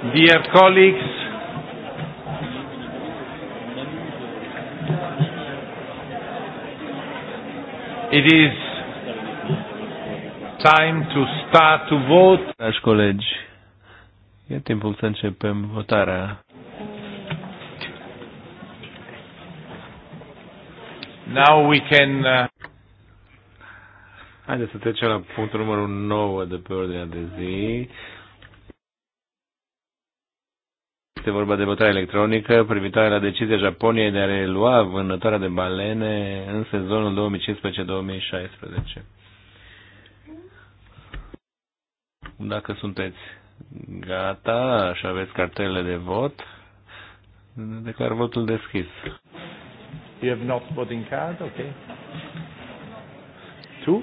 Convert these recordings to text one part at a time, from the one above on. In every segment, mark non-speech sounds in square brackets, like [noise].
Dear colleagues, it is time to start to vote. Dragi colegi, e timpul să începem votarea. Now we can uh... Haideți să trecem la punctul numărul 9 de pe ordinea de zi Este vorba de votare electronică privitoare la decizia Japoniei de a relua vânătoarea de balene în sezonul 2015-2016. Dacă sunteți gata și aveți cartele de vot, declar votul deschis. You have not voting card? Okay. Two?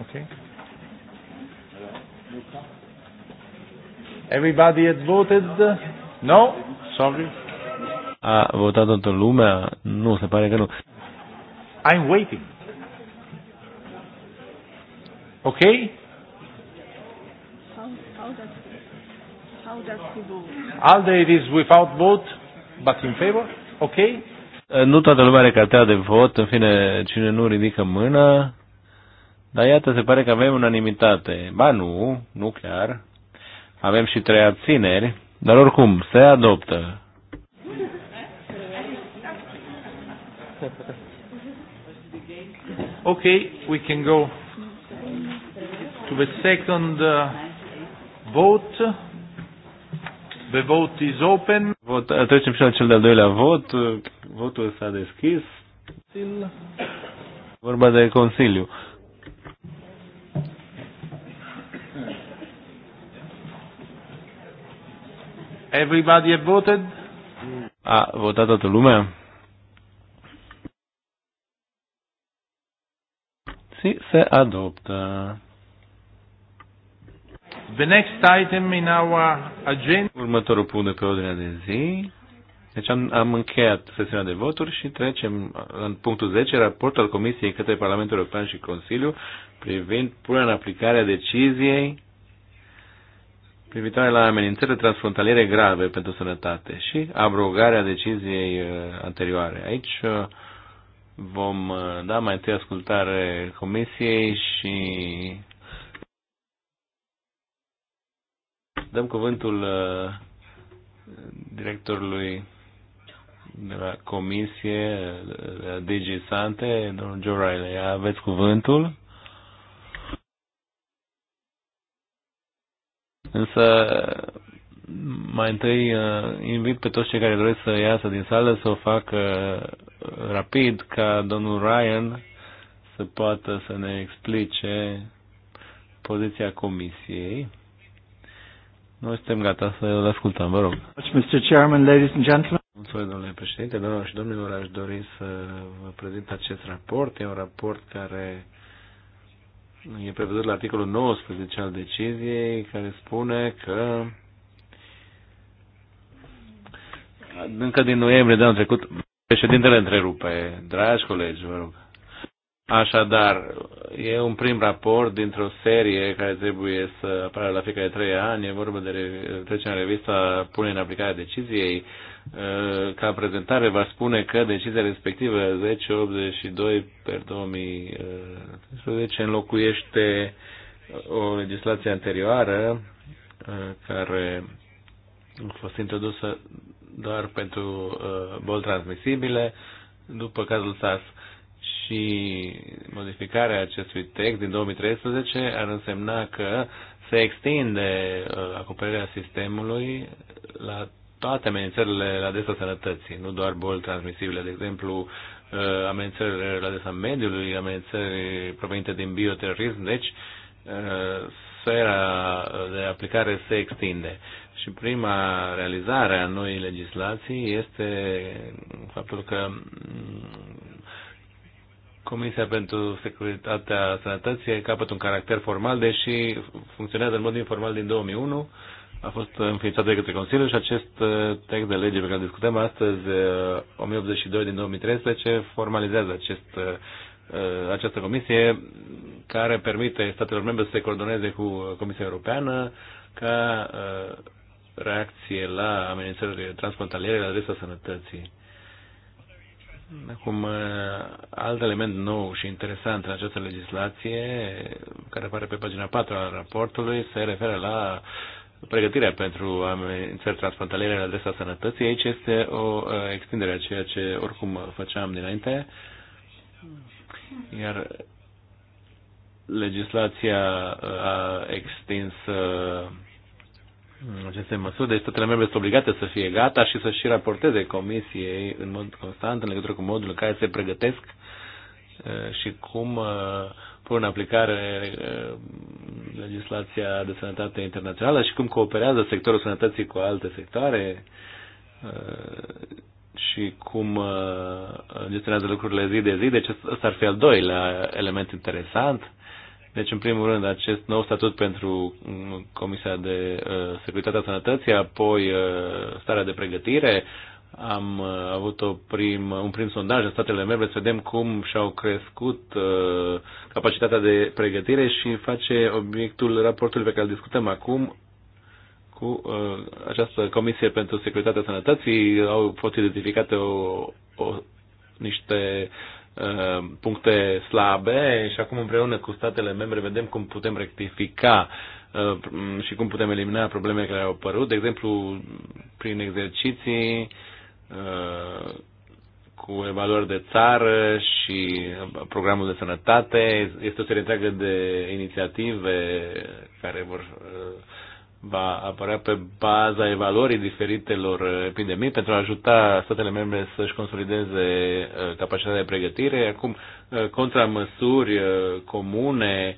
Okay. Everybody has voted? No? Sorry. A votat toată lumea? Nu, se pare că nu. I'm waiting. Ok? How, how does, how does he vote? Alde it is without vote, but in favor? Ok? Eh, nu toată lumea are cartea de vot, în fine, cine nu ridică mâna, dar iată, se pare că avem unanimitate. Ba nu, nu chiar. Avem și trei abțineri, dar oricum se adoptă. Okay, we can go to the second uh, vote. The vote is open. Vot, uh, trecem și la cel de-al doilea vot. Votul s-a deschis. Vorba de Consiliu. Everybody have voted? A votat toată lumea? Si, se adoptă. The next item in our agenda. Următorul punct de pe ordinea de zi. Deci am, am încheiat sesiunea de voturi și trecem în punctul 10, raport al Comisiei către Parlamentul European și Consiliu privind punerea în aplicare a deciziei privitoare la amenințările transfrontaliere grave pentru sănătate și abrogarea deciziei uh, anterioare. Aici uh, vom uh, da mai întâi ascultare comisiei și dăm cuvântul directorului de la comisie, de la DG Sante, domnul Joe Riley. Aveți cuvântul Însă, mai întâi uh, invit pe toți cei care doresc să iasă din sală să o facă uh, rapid ca domnul Ryan să poată să ne explice poziția comisiei. Noi suntem gata să îl ascultăm, vă rog. Mr. Chairman, ladies and gentlemen. Mulțumesc, domnule președinte, doamnelor și domnilor, aș dori să vă prezint acest raport. E un raport care e prevăzut la articolul 19 al deciziei care spune că încă din noiembrie de anul trecut președintele întrerupe. Dragi colegi, vă rog. Așadar, e un prim raport dintr-o serie care trebuie să apară la fiecare trei ani. E vorba de trecerea în revista pune în aplicare deciziei. Uh, ca prezentare va spune că decizia respectivă 1082 per 2013 înlocuiește o legislație anterioară uh, care a fost introdusă doar pentru uh, boli transmisibile după cazul SAS și modificarea acestui text din 2013 ar însemna că se extinde uh, acoperirea sistemului la toate amenințările la adresa sănătății, nu doar boli transmisibile, de exemplu, uh, amenințări la adresa mediului, amenințări provenite din bioterorism, deci uh, sfera de aplicare se extinde. Și prima realizare a noii legislații este faptul că mm, Comisia pentru Securitatea Sănătății capăt un caracter formal, deși funcționează în mod informal din 2001. A fost înființată de către Consiliu și acest uh, text de lege pe care discutăm astăzi, 1082 uh, din 2013, formalizează acest, uh, această comisie care permite statelor membre să se coordoneze cu Comisia Europeană ca reacție la amenințările transfrontaliere la adresa sănătății. Acum, uh, alt element nou și interesant în această legislație, care apare pe pagina 4 a raportului, se referă la pregătirea pentru amenințări transfrontaliere la adresa sănătății. Aici este o uh, extindere a ceea ce oricum făceam dinainte, iar legislația uh, a extins aceste măsuri, deci statele membre sunt obligate să fie gata și să și raporteze comisiei în mod constant în legătură cu modul în care se pregătesc uh, și cum uh, pun în aplicare uh, legislația de sănătate internațională și cum cooperează sectorul sănătății cu alte sectoare și cum gestionează lucrurile zi de zi. Deci ăsta ar fi al doilea element interesant deci, în primul rând, acest nou statut pentru mm, Comisia de uh, Securitatea Sănătății, apoi uh, starea de pregătire, am uh, avut o prim, un prim sondaj în statele membre să vedem cum și-au crescut uh, capacitatea de pregătire și face obiectul raportului pe care îl discutăm acum cu uh, această Comisie pentru Securitatea Sănătății. Au fost identificate o, o, niște Uh, puncte slabe și acum împreună cu statele membre vedem cum putem rectifica uh, și cum putem elimina problemele care au apărut, de exemplu, prin exerciții uh, cu evaluări de țară și programul de sănătate. Este o serie întreagă de inițiative care vor va apărea pe baza evaluării diferitelor epidemii pentru a ajuta statele membre să-și consolideze uh, capacitatea de pregătire. Acum, uh, contramăsuri uh, comune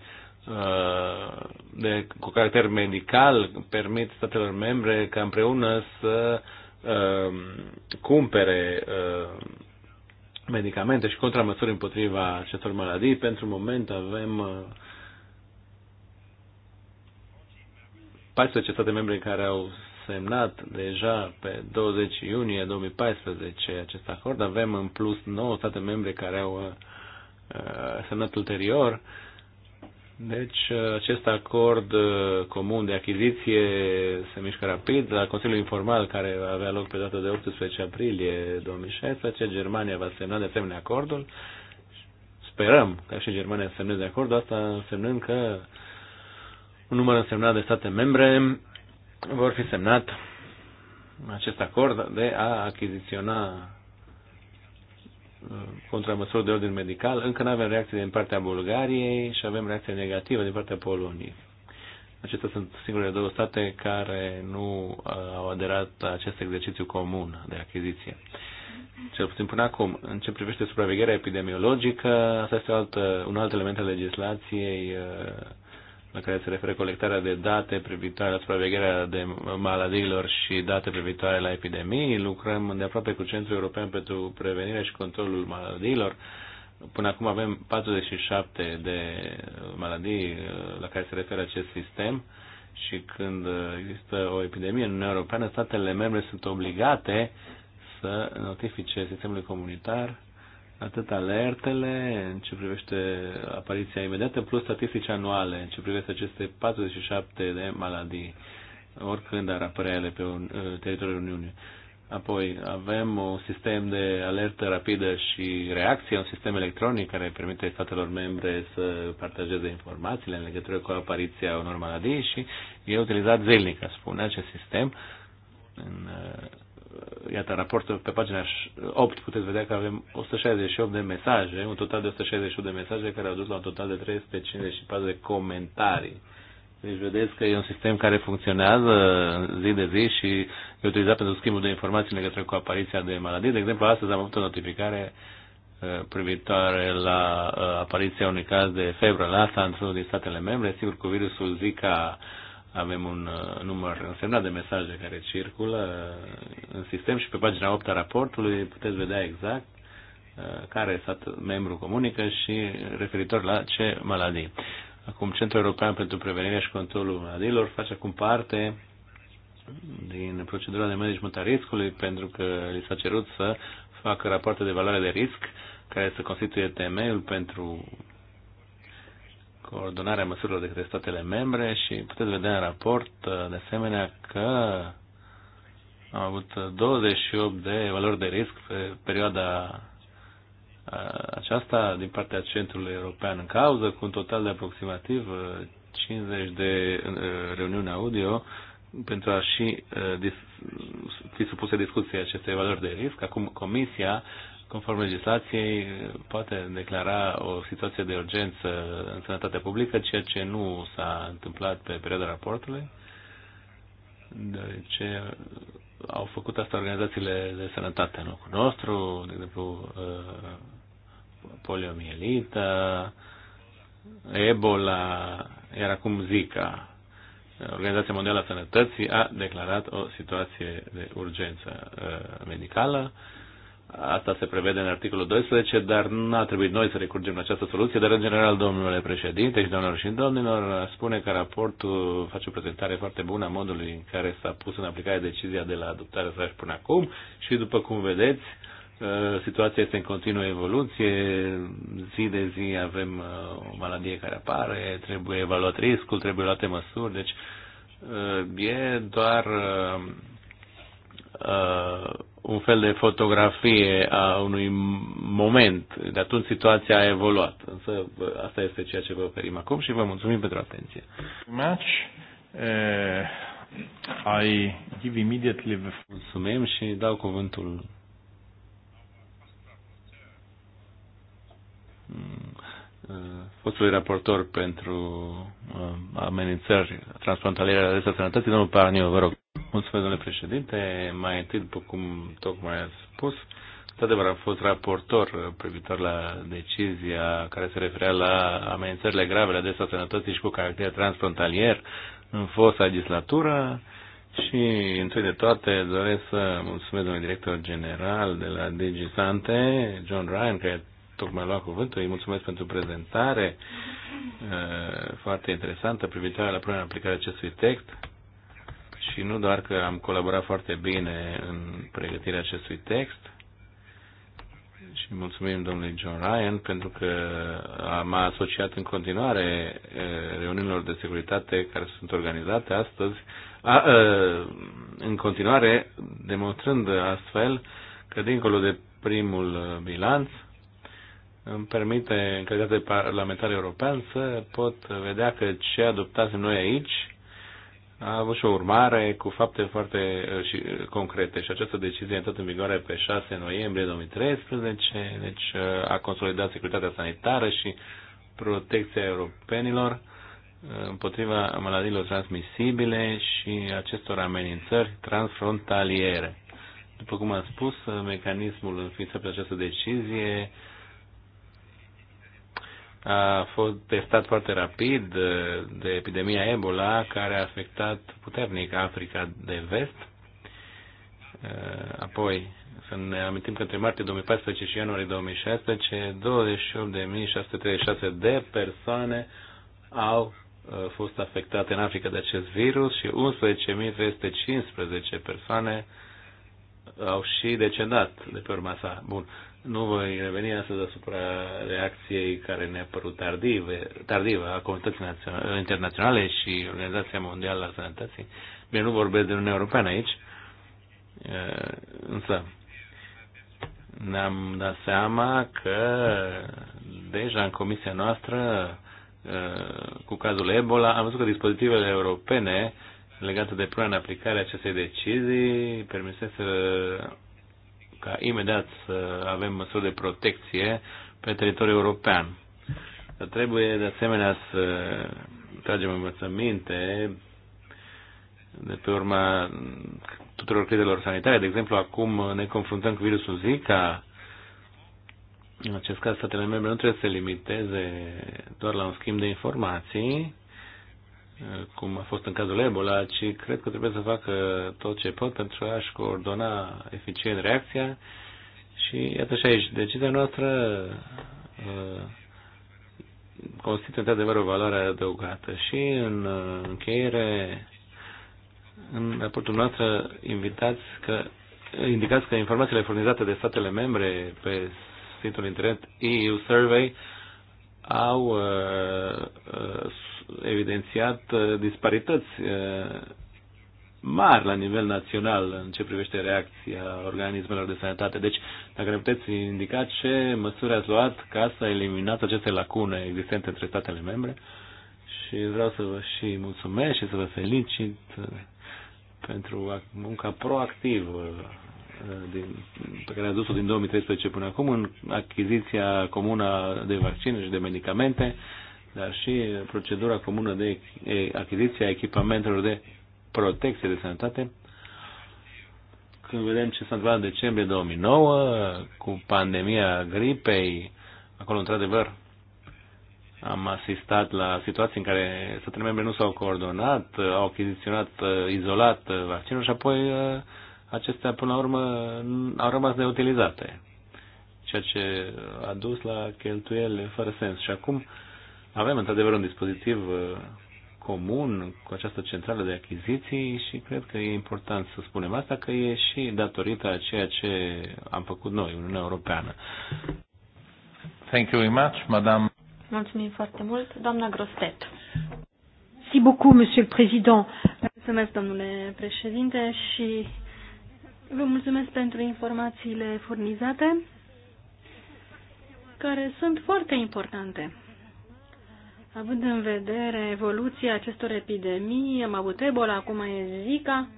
de, cu caracter medical permit statelor membre ca împreună să cumpere medicamente și contramăsuri împotriva acestor maladii. Pentru moment avem 14 state membre care au semnat deja pe 20 iunie 2014 acest acord. Avem în plus 9 state membre care au uh, semnat ulterior. Deci uh, acest acord uh, comun de achiziție se mișcă rapid. La Consiliul Informal care va avea loc pe data de 18 aprilie 2016, Germania va semna de asemenea acordul. Sperăm ca și Germania să semneze acordul, asta însemnând că uh, un număr însemnat de state membre vor fi semnat acest acord de a achiziționa uh, contramăsuri de ordin medical. Încă nu avem reacție din partea Bulgariei și avem reacție negativă din partea Poloniei. Acestea sunt singurele două state care nu uh, au aderat acest exercițiu comun de achiziție. Cel puțin până acum, în ce privește supravegherea epidemiologică, asta este alt, un alt element al legislației uh, la care se referă colectarea de date privitoare la supravegherea de maladiilor și date privitoare la epidemii. Lucrăm îndeaproape cu Centrul European pentru Prevenirea și Controlul Maladiilor. Până acum avem 47 de maladii uh, la care se referă acest sistem și când uh, există o epidemie în Uniunea Europeană, statele membre sunt obligate să notifice sistemului comunitar atât alertele în ce privește apariția imediată, plus statistici anuale în ce privește aceste 47 de maladii, oricând ar apărea ele pe un, uh, teritoriul Uniunii. Apoi avem un sistem de alertă rapidă și reacție, un sistem electronic care permite statelor membre să partajeze informațiile în legătură cu apariția unor maladii și e utilizat zilnic, a spune, acest sistem în uh, Uh, iată, raportul pe pagina 8 puteți vedea că avem 168 de mesaje, un total de 168 de mesaje care au dus la un total de 354 de comentarii. Deci vedeți că e un sistem care funcționează zi de zi și e utilizat pentru schimbul de informații în legătură cu apariția de maladie. De exemplu, astăzi am avut o notificare uh, privitoare la uh, apariția unui caz de febră la asta în din statele membre. Sigur, cu virusul Zika avem un uh, număr însemnat de mesaje care circulă uh, în sistem și pe pagina 8 a raportului puteți vedea exact uh, care stat membru comunică și referitor la ce maladii. Acum, Centrul European pentru Prevenirea și Controlul Maladilor face acum parte din procedura de management a riscului pentru că li s-a cerut să facă rapoarte de valoare de risc care să constituie temeiul pentru coordonarea măsurilor de către statele membre și puteți vedea în raport, uh, de asemenea, că am avut 28 de valori de risc pe perioada uh, aceasta din partea Centrului European în cauză, cu un total de aproximativ 50 uh, de reuniuni audio pentru a și fi supuse discuției aceste valori de risc. Acum Comisia conform legislației, poate declara o situație de urgență în sănătatea publică, ceea ce nu s-a întâmplat pe perioada raportului, deoarece au făcut asta organizațiile de sănătate în locul nostru, de exemplu uh, poliomielită, Ebola, iar acum Zika. Organizația Mondială a Sănătății a declarat o situație de urgență uh, medicală Asta se prevede în articolul 12, dar nu a trebuit noi să recurgem la această soluție, dar în general, domnule președinte și domnilor și domnilor, spune că raportul face o prezentare foarte bună a modului în care s-a pus în aplicare decizia de la adoptare să până acum și după cum vedeți, uh, situația este în continuă evoluție, zi de zi avem uh, o maladie care apare, trebuie evaluat riscul, trebuie luate măsuri, deci uh, e doar un fel de fotografie a unui moment. De atunci situația a evoluat. Însă asta este ceea ce vă oferim acum și vă mulțumim pentru atenție. Match. Uh, I give immediately the... Mulțumim și dau cuvântul hmm, fostului raportor pentru eh, amenințări transfrontaliere la adresa sănătății, domnul Parniu, vă rog. Mulțumesc, domnule președinte. Mai întâi, după cum tocmai ați spus, de adevăr, am fost raportor privitor la decizia care se referea la amenințările grave la adresa sănătății și cu caracter transfrontalier în fosta legislatură și, întâi de toate, doresc să mulțumesc domnului director general de la DigiSante, John Ryan, care tocmai a luat cuvântul. Îi mulțumesc pentru prezentare uh, foarte interesantă privitoare la prima aplicare acestui text și nu doar că am colaborat foarte bine în pregătirea acestui text, și mulțumim domnului John Ryan pentru că m-a asociat în continuare reuniunilor de securitate care sunt organizate astăzi, a, a, în continuare demonstrând astfel că dincolo de primul bilanț îmi permite, în calitate parlamentar european, să pot vedea că ce adoptasem noi aici a avut și o urmare cu fapte foarte uh, și, uh, concrete și această decizie a intrat în vigoare pe 6 noiembrie 2013, deci uh, a consolidat securitatea sanitară și protecția europenilor împotriva maladiilor transmisibile și acestor amenințări transfrontaliere. După cum am spus, mecanismul înființat pe această decizie a fost testat foarte rapid uh, de epidemia Ebola, care a afectat puternic Africa de vest. Uh, apoi, să ne amintim că între martie 2014 și ianuarie 2016, 28.636 de persoane au uh, fost afectate în Africa de acest virus și 11.315 persoane au și decedat de pe urma sa. Bun. Nu voi reveni astăzi asupra reacției care ne-a părut tardive, tardivă a comunității internaționale și Organizația Mondială a Sănătății. Bine, nu vorbesc de Uniunea Europeană aici, însă ne-am dat seama că deja în comisia noastră cu cazul Ebola am văzut că dispozitivele europene uh, legată de plan aplicarea aplicare acestei decizii să, ca imediat să avem măsuri de protecție pe teritoriul european. Dar trebuie de asemenea să tragem învățăminte de pe urma tuturor crizelor sanitare. De exemplu, acum ne confruntăm cu virusul Zika. În acest caz, statele membre nu trebuie să se limiteze doar la un schimb de informații, cum a fost în cazul Ebola, ci cred că trebuie să facă tot ce pot pentru a-și coordona eficient reacția și iată și aici, decizia noastră uh, constituie într-adevăr o valoare adăugată și în uh, încheiere în raportul noastră invitați că, indicați că informațiile furnizate de statele membre pe site-ul internet EU Survey au uh, uh, evidențiat uh, disparități uh, mari la nivel național în ce privește reacția organismelor de sănătate. Deci, dacă ne puteți indica ce măsuri ați luat ca să eliminați aceste lacune existente între statele membre și vreau să vă și mulțumesc și să vă felicit uh, pentru munca proactivă din, pe care a dus-o din 2013 până acum în achiziția comună de vaccine și de medicamente dar și procedura comună de achiziție a echipamentelor de protecție de sănătate. Când vedem ce s-a întâmplat în decembrie 2009 cu pandemia gripei, acolo într-adevăr am asistat la situații în care statele membre nu s-au coordonat, au achiziționat uh, izolat uh, vaccinul și apoi uh, acestea până la urmă au rămas neutilizate, ceea ce a dus la cheltuiele fără sens. Și acum avem într-adevăr un dispozitiv uh, comun cu această centrală de achiziții și cred că e important să spunem asta, că e și datorită a ceea ce am făcut noi, Uniunea Europeană. Thank you very much, madame. Mulțumim foarte mult, doamna Grostet. Si beaucoup, monsieur le président. Mulțumesc, domnule președinte, și vă mulțumesc pentru informațiile furnizate, care sunt foarte importante. Având în vedere evoluția acestor epidemii, am avut Ebola, acum e Zika,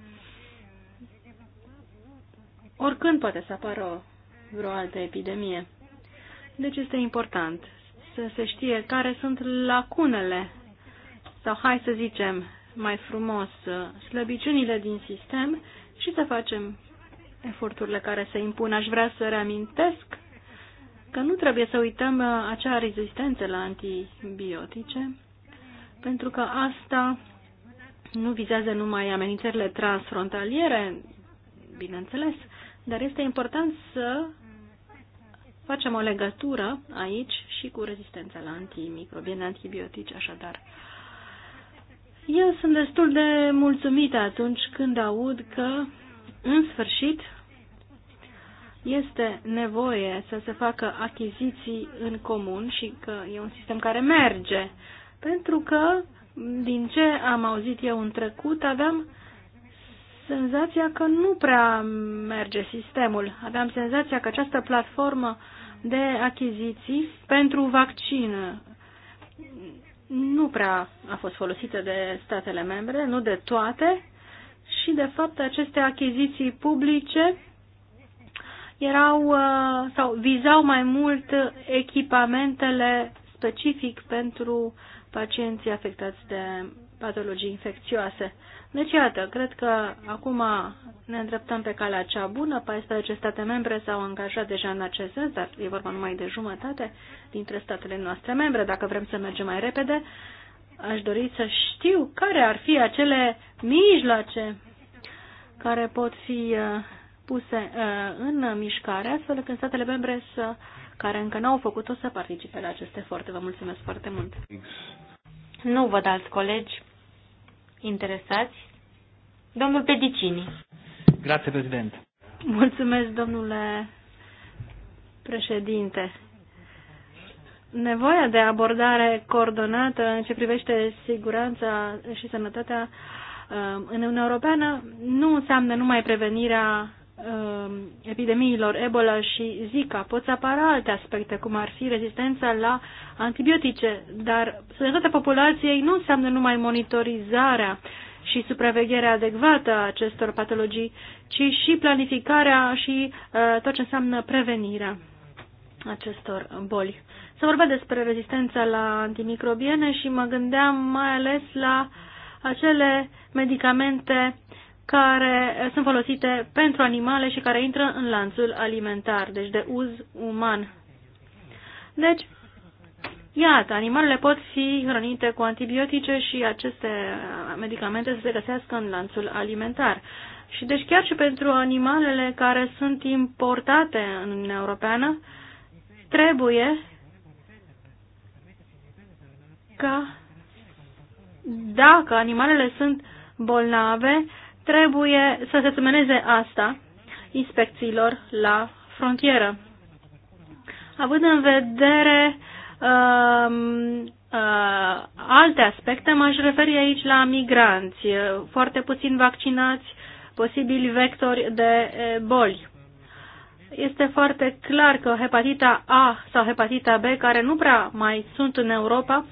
oricând poate să apară vreo altă epidemie. Deci este important să se știe care sunt lacunele sau, hai să zicem mai frumos, slăbiciunile din sistem și să facem eforturile care se impun. Aș vrea să reamintesc că nu trebuie să uităm uh, acea rezistență la antibiotice, pentru că asta nu vizează numai amenințările transfrontaliere, bineînțeles, dar este important să facem o legătură aici și cu rezistența la antimicrobiene, antibiotici, așadar. Eu sunt destul de mulțumită atunci când aud că, în sfârșit, este nevoie să se facă achiziții în comun și că e un sistem care merge. Pentru că, din ce am auzit eu în trecut, aveam senzația că nu prea merge sistemul. Aveam senzația că această platformă de achiziții pentru vaccin nu prea a fost folosită de statele membre, nu de toate, și de fapt aceste achiziții publice erau uh, sau vizau mai mult echipamentele specific pentru pacienții afectați de patologii infecțioase. Deci, iată, cred că acum ne îndreptăm pe calea cea bună. 14 state membre s-au angajat deja în acest sens, dar e vorba numai de jumătate dintre statele noastre membre. Dacă vrem să mergem mai repede, aș dori să știu care ar fi acele mijloace care pot fi uh, puse uh, în mișcare, astfel încât statele membre să, care încă nu au făcut-o să participe la acest efort. Vă mulțumesc foarte mult! Nu văd alți colegi interesați. Domnul Pedicini. Grație, prezident. Mulțumesc, domnule președinte. Nevoia de abordare coordonată în ce privește siguranța și sănătatea uh, în Uniunea Europeană nu înseamnă numai prevenirea Um, epidemiilor Ebola și Zika. Pot să apară alte aspecte, cum ar fi rezistența la antibiotice, dar sănătatea populației nu înseamnă numai monitorizarea și supravegherea adecvată a acestor patologii, ci și planificarea și uh, tot ce înseamnă prevenirea acestor boli. Să vorbea despre rezistența la antimicrobiene și mă gândeam mai ales la acele medicamente care sunt folosite pentru animale și care intră în lanțul alimentar, deci de uz uman. Deci, iată, animalele pot fi hrănite cu antibiotice și aceste medicamente să se găsească în lanțul alimentar. Și deci chiar și pentru animalele care sunt importate în Uniunea Europeană, trebuie ca dacă animalele sunt bolnave, Trebuie să se semeneze asta inspecțiilor la frontieră. Având în vedere uh, uh, alte aspecte, m-aș referi aici la migranți, uh, foarte puțin vaccinați, posibili vectori de uh, boli. Este foarte clar că hepatita A sau hepatita B, care nu prea mai sunt în Europa,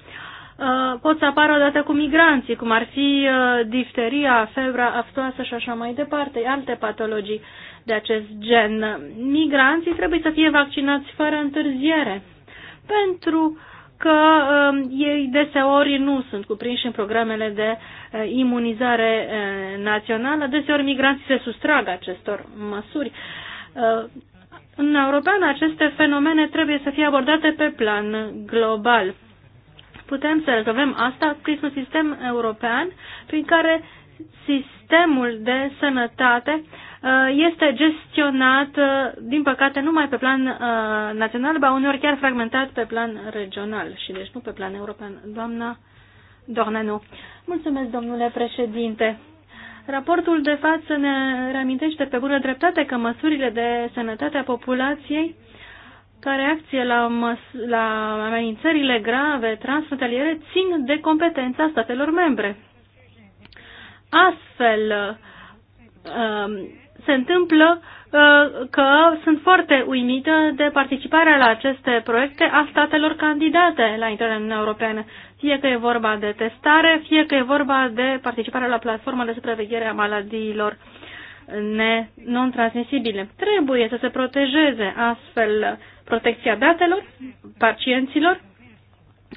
Uh, pot să apară odată cu migranții, cum ar fi uh, difteria, febra aftoasă și așa mai departe, alte patologii de acest gen. Migranții trebuie să fie vaccinați fără întârziere, pentru că um, ei deseori nu sunt cuprinși în programele de uh, imunizare națională, deseori migranții se sustrag acestor măsuri. În european, aceste fenomene trebuie să fie abordate pe plan global putem să rezolvăm asta printr-un sistem european prin care sistemul de sănătate uh, este gestionat, uh, din păcate, numai pe plan uh, național, ba uneori chiar fragmentat pe plan regional și deci nu pe plan european. Doamna Dornenu. Mulțumesc, domnule președinte. Raportul de față ne reamintește pe bună dreptate că măsurile de sănătate a populației ca reacție la, măs- la amenințările grave transfrontaliere țin de competența statelor membre. Astfel, um, se întâmplă uh, că sunt foarte uimită de participarea la aceste proiecte a statelor candidate la intrarea în Uniunea Europeană, fie că e vorba de testare, fie că e vorba de participarea la platforma de supraveghere a maladiilor non-transmisibile. Trebuie să se protejeze astfel protecția datelor pacienților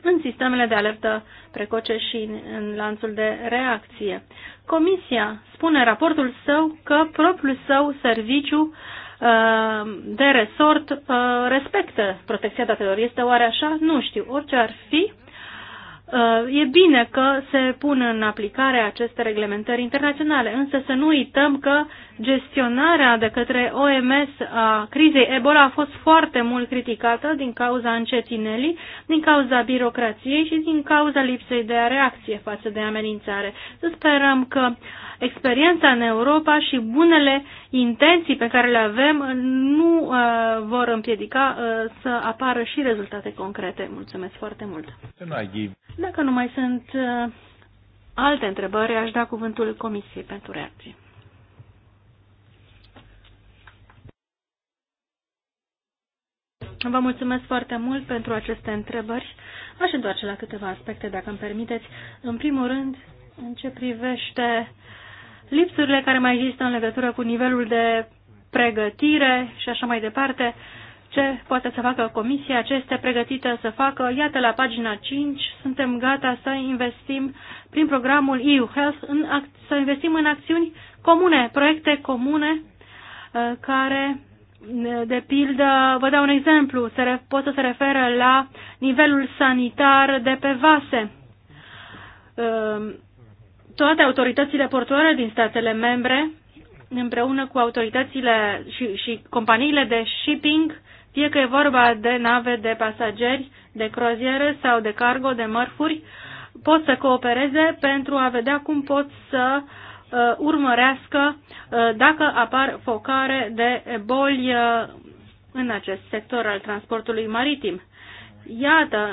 în sistemele de alertă precoce și în, în lanțul de reacție. Comisia spune în raportul său că propriul său serviciu uh, de resort uh, respectă protecția datelor. Este oare așa? Nu știu. Orice ar fi, Uh, e bine că se pun în aplicare aceste reglementări internaționale, însă să nu uităm că gestionarea de către OMS a crizei Ebola a fost foarte mult criticată din cauza încetinelii, din cauza birocrației și din cauza lipsei de reacție față de amenințare. Să sperăm că experiența în Europa și bunele intenții pe care le avem uh, nu uh, vor împiedica uh, să apară și rezultate concrete. Mulțumesc foarte mult! Dacă nu mai sunt uh, alte întrebări, aș da cuvântul Comisiei pentru reacții. Vă mulțumesc foarte mult pentru aceste întrebări. Aș întoarce la câteva aspecte, dacă îmi permiteți. În primul rând, în ce privește lipsurile care mai există în legătură cu nivelul de pregătire și așa mai departe, ce poate să facă comisia, ce este pregătită să facă. Iată la pagina 5, suntem gata să investim prin programul EU Health, în, să investim în acțiuni comune, proiecte comune uh, care, uh, de pildă, vă dau un exemplu, se, pot să se referă la nivelul sanitar de pe vase uh, toate autoritățile portoare din statele membre, împreună cu autoritățile și, și companiile de shipping, fie că e vorba de nave de pasageri, de croaziere sau de cargo, de mărfuri, pot să coopereze pentru a vedea cum pot să uh, urmărească uh, dacă apar focare de boli uh, în acest sector al transportului maritim. Iată,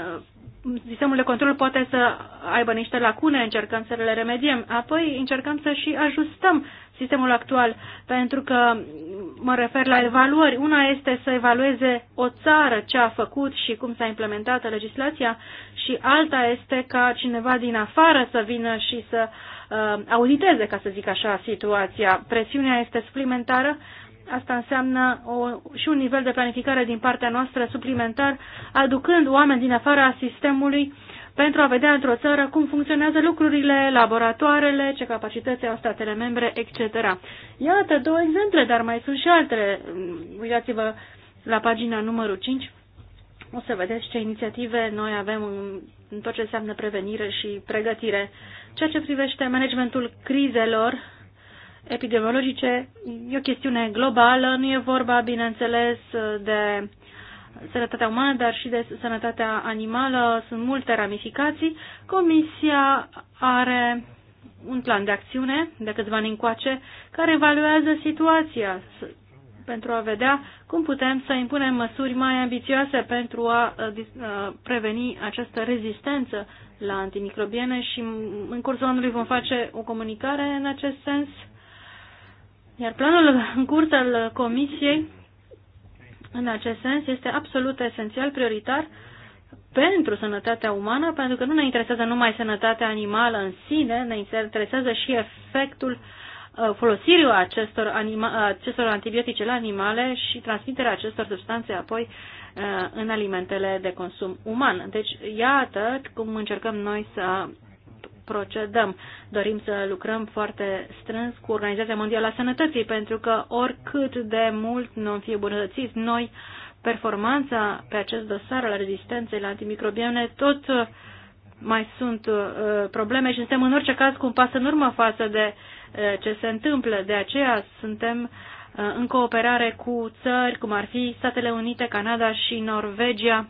sistemul de control poate să aibă niște lacune, încercăm să le remediem, apoi încercăm să și ajustăm sistemul actual, pentru că mă refer la evaluări. Una este să evalueze o țară ce a făcut și cum s-a implementat legislația și alta este ca cineva din afară să vină și să uh, auditeze, ca să zic așa, situația. Presiunea este suplimentară Asta înseamnă o, și un nivel de planificare din partea noastră suplimentar, aducând oameni din afara sistemului pentru a vedea într-o țară cum funcționează lucrurile, laboratoarele, ce capacități au statele membre, etc. Iată două exemple, dar mai sunt și altele. Uitați-vă la pagina numărul 5. O să vedeți ce inițiative noi avem în, în tot ce înseamnă prevenire și pregătire. Ceea ce privește managementul crizelor, epidemiologice. E o chestiune globală, nu e vorba, bineînțeles, de sănătatea umană, dar și de sănătatea animală. Sunt multe ramificații. Comisia are un plan de acțiune de câțiva ani încoace care evaluează situația pentru a vedea cum putem să impunem măsuri mai ambițioase pentru a preveni această rezistență la antimicrobiene și în cursul anului vom face o comunicare în acest sens iar planul în curs al Comisiei, în acest sens, este absolut esențial, prioritar, pentru sănătatea umană, pentru că nu ne interesează numai sănătatea animală în sine, ne interesează și efectul uh, folosirii acestor, anima- acestor antibiotice la animale și transmiterea acestor substanțe apoi uh, în alimentele de consum uman. Deci, iată cum încercăm noi să procedăm. Dorim să lucrăm foarte strâns cu Organizația Mondială a Sănătății, pentru că oricât de mult nu am fi îmbunătățiți noi performanța pe acest dosar al rezistenței la antimicrobiene, tot uh, mai sunt uh, probleme și suntem în orice caz cu un pas în urmă față de uh, ce se întâmplă. De aceea suntem uh, în cooperare cu țări cum ar fi Statele Unite, Canada și Norvegia,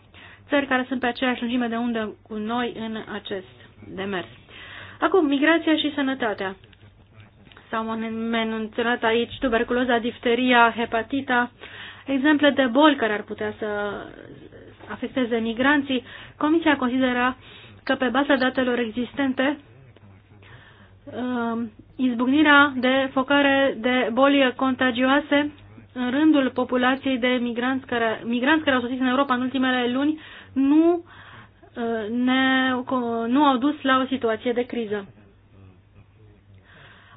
țări care sunt pe aceeași lungime de undă cu noi în acest demers. Acum, migrația și sănătatea. S-au menționat aici tuberculoza, difteria, hepatita, exemple de boli care ar putea să afecteze migranții. Comisia considera că pe baza datelor existente um, izbucnirea de focare de boli contagioase în rândul populației de migranți care, migranți care au sosit în Europa în ultimele luni nu ne, nu au dus la o situație de criză.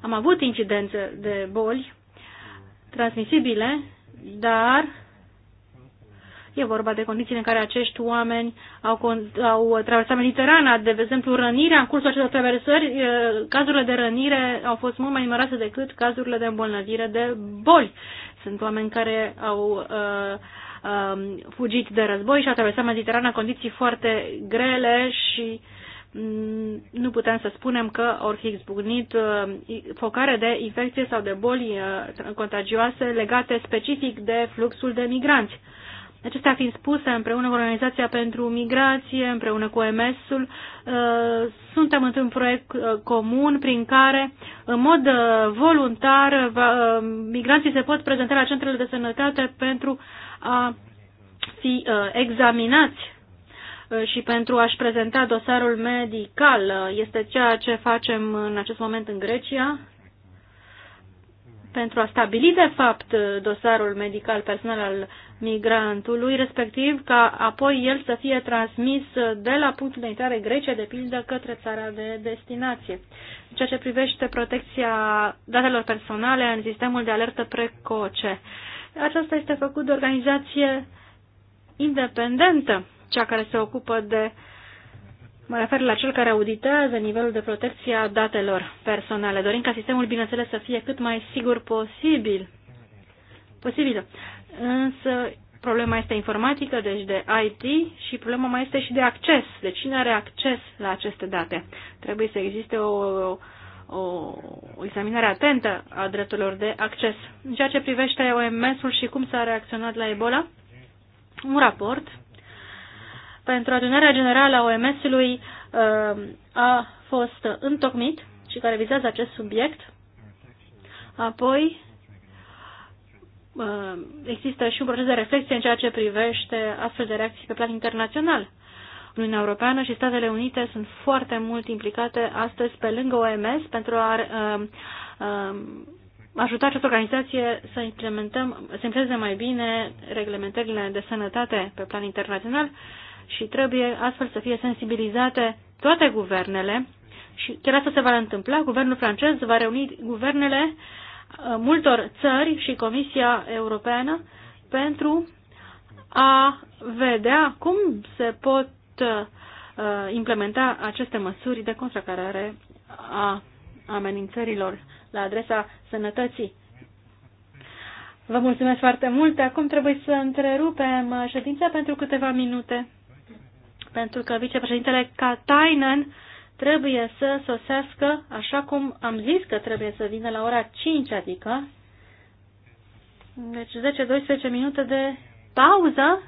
Am avut incidențe de boli transmisibile, dar e vorba de condițiile în care acești oameni au, au traversat Mediterana, de, exemplu rănirea în cursul acestor traversări, cazurile de rănire au fost mult mai numeroase decât cazurile de îmbolnăvire de boli. Sunt oameni care au uh, Um, fugit de război și a traversat Mediterana în condiții foarte grele și mm, nu putem să spunem că or fi izbucnit uh, focare de infecție sau de boli uh, contagioase legate specific de fluxul de migranți. Acestea fiind spuse, împreună cu Organizația pentru Migrație, împreună cu OMS-ul, uh, suntem într-un proiect comun prin care, în mod voluntar, migranții se pot prezenta la centrele de sănătate pentru a fi uh, examinați uh, și pentru a-și prezenta dosarul medical. Uh, este ceea ce facem în acest moment în Grecia pentru a stabili, de fapt, dosarul medical personal al migrantului, respectiv ca apoi el să fie transmis de la punctul de intrare Grecia, de pildă, către țara de destinație. În ceea ce privește protecția datelor personale în sistemul de alertă precoce. Uh, aceasta este făcut de organizație independentă, cea care se ocupă de, mă refer la cel care auditează nivelul de protecție a datelor personale. Dorim ca sistemul, bineînțeles, să fie cât mai sigur posibil. Posibil. Însă problema este informatică, deci de IT și problema mai este și de acces, Deci cine are acces la aceste date. Trebuie să existe o, o, o examinare atentă a drepturilor de acces. În ceea ce privește OMS-ul și cum s-a reacționat la Ebola, un raport pentru adunarea generală a OMS-ului uh, a fost întocmit și care vizează acest subiect. Apoi uh, există și un proces de reflexie în ceea ce privește astfel de reacții pe plan internațional. Uniunea Europeană și Statele Unite sunt foarte mult implicate astăzi pe lângă OMS pentru a uh, uh, ajuta această organizație să, implementăm, să implementeze mai bine reglementările de sănătate pe plan internațional și trebuie astfel să fie sensibilizate toate guvernele și chiar asta se va întâmpla. Guvernul francez va reuni guvernele uh, multor țări și Comisia Europeană pentru a vedea cum se pot Uh, implementa aceste măsuri de contracarare a amenințărilor la adresa sănătății. Vă mulțumesc foarte mult. Acum trebuie să întrerupem uh, ședința pentru câteva minute, pentru că vicepreședintele Katainen trebuie să sosească, așa cum am zis că trebuie să vină la ora 5, adică deci 10-12 minute de pauză.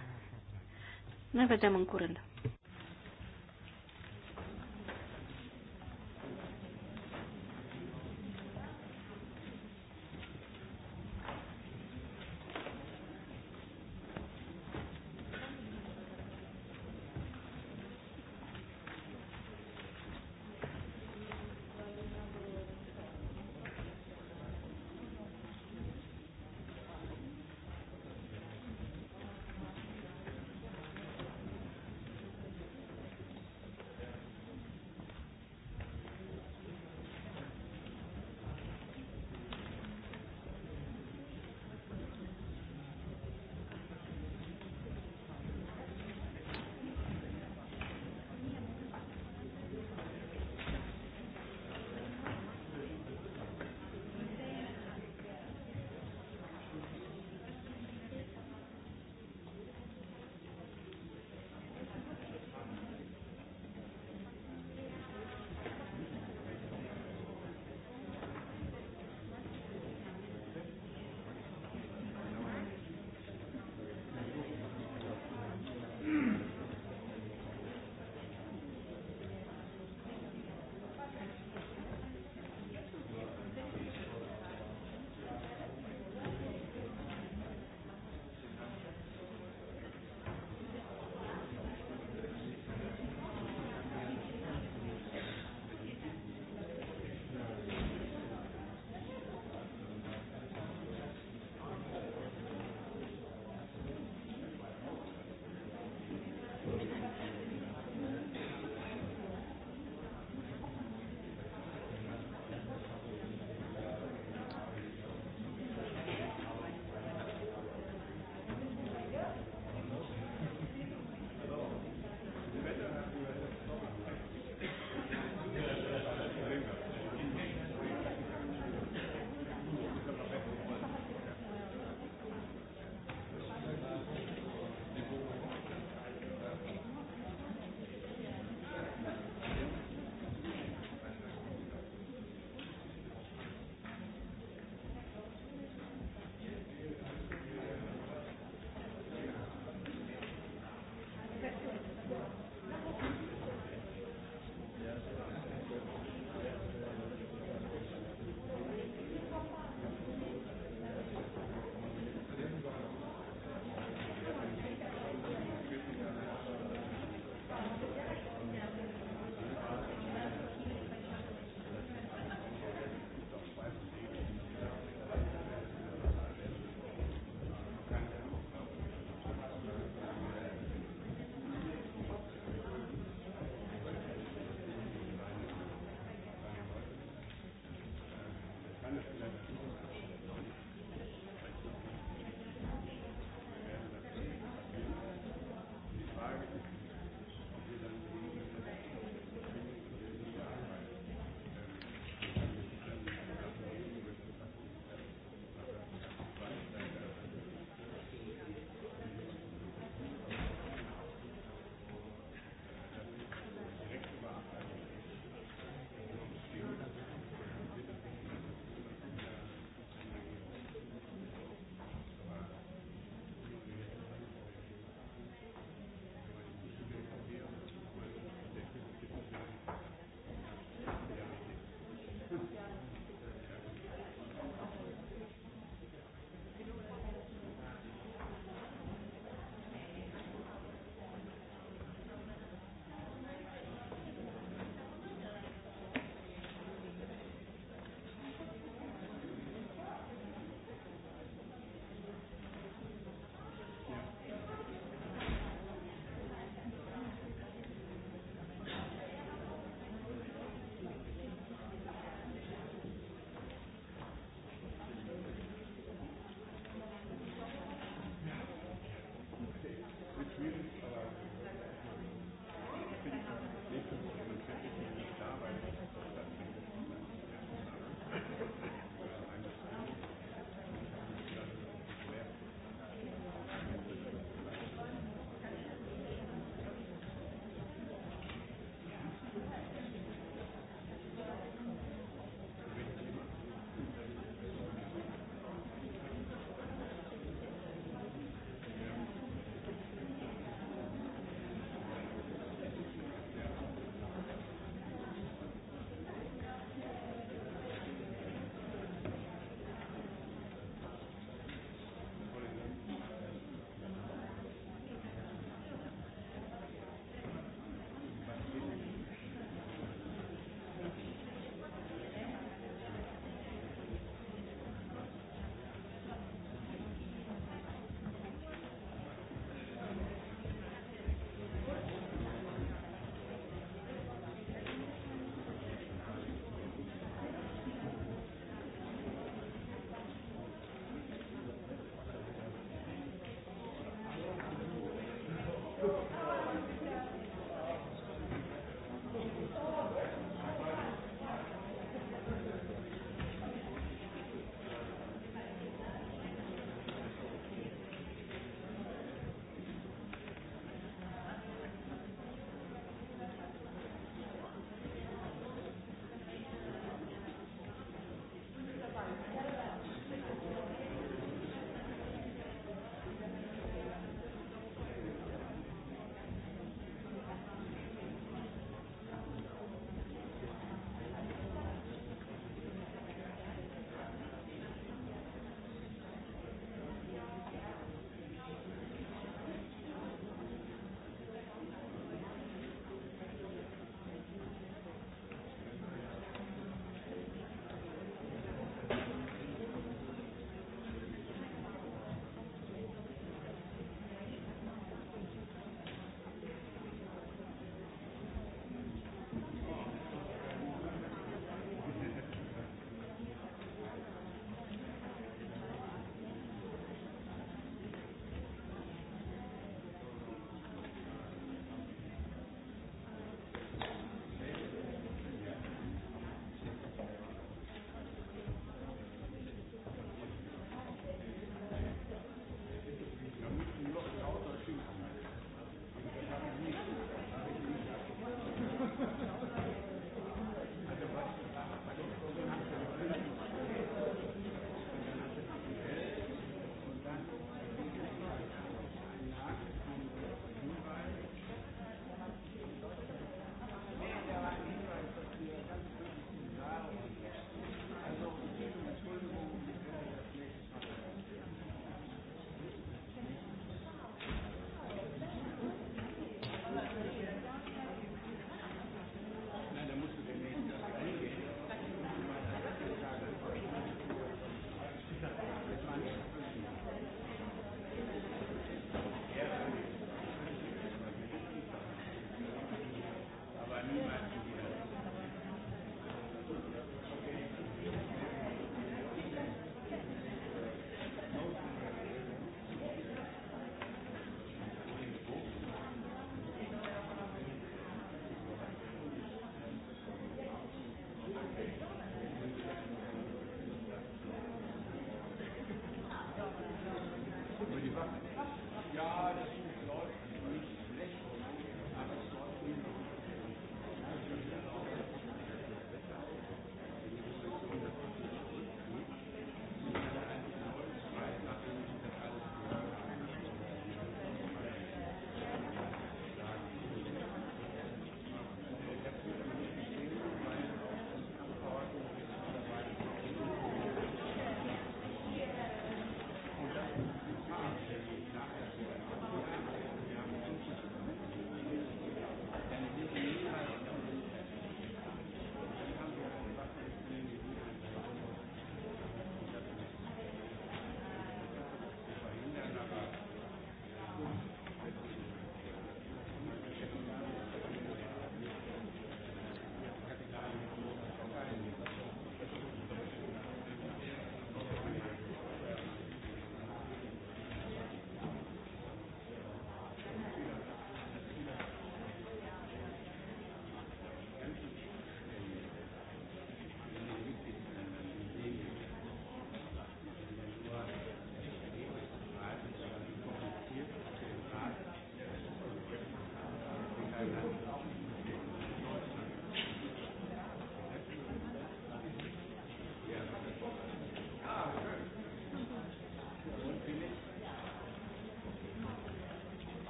Ne vedem în curând.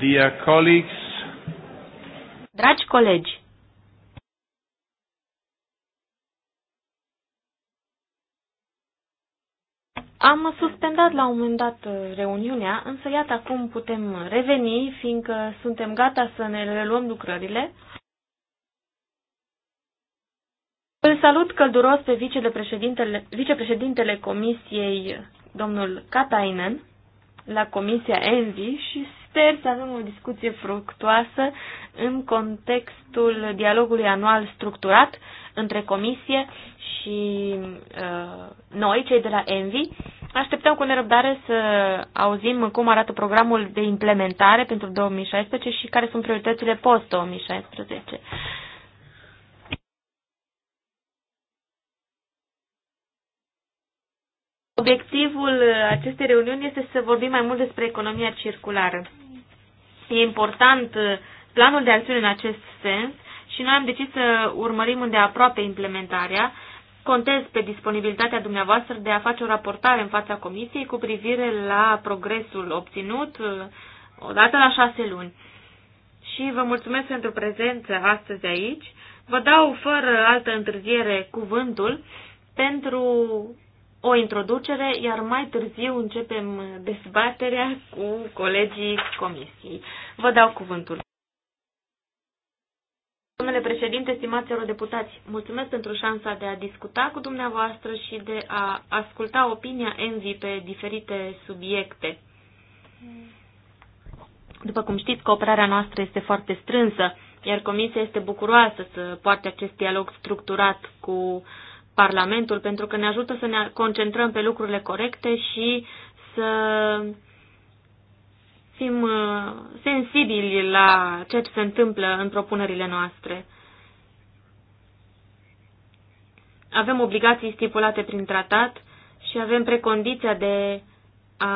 Dear colleagues, Dragi colegi, am suspendat la un moment dat uh, reuniunea, însă iată acum putem reveni, fiindcă suntem gata să ne reluăm lucrările. Îl salut călduros pe vicepreședintele, vicepreședintele Comisiei, domnul Katainen, la Comisia Envi și Sper să avem o discuție fructuoasă în contextul dialogului anual structurat între comisie și uh, noi, cei de la Envi. Așteptăm cu nerăbdare să auzim cum arată programul de implementare pentru 2016 și care sunt prioritățile post-2016. Obiectivul uh, acestei reuniuni este să vorbim mai mult despre economia circulară. E important uh, planul de acțiune în acest sens și noi am decis să urmărim îndeaproape implementarea. Contez pe disponibilitatea dumneavoastră de a face o raportare în fața Comisiei cu privire la progresul obținut uh, odată la șase luni. Și vă mulțumesc pentru prezență astăzi aici. Vă dau fără altă întârziere cuvântul pentru o introducere, iar mai târziu începem dezbaterea cu colegii comisiei. Vă dau cuvântul. Domnule președinte, stimați eurodeputați, mulțumesc pentru șansa de a discuta cu dumneavoastră și de a asculta opinia Envi pe diferite subiecte. După cum știți, cooperarea noastră este foarte strânsă, iar Comisia este bucuroasă să poarte acest dialog structurat cu uh, Parlamentul, pentru că ne ajută să ne concentrăm pe lucrurile corecte și să fim uh, sensibili la ceea ce se întâmplă în propunerile noastre. Avem obligații stipulate prin tratat și avem precondiția de a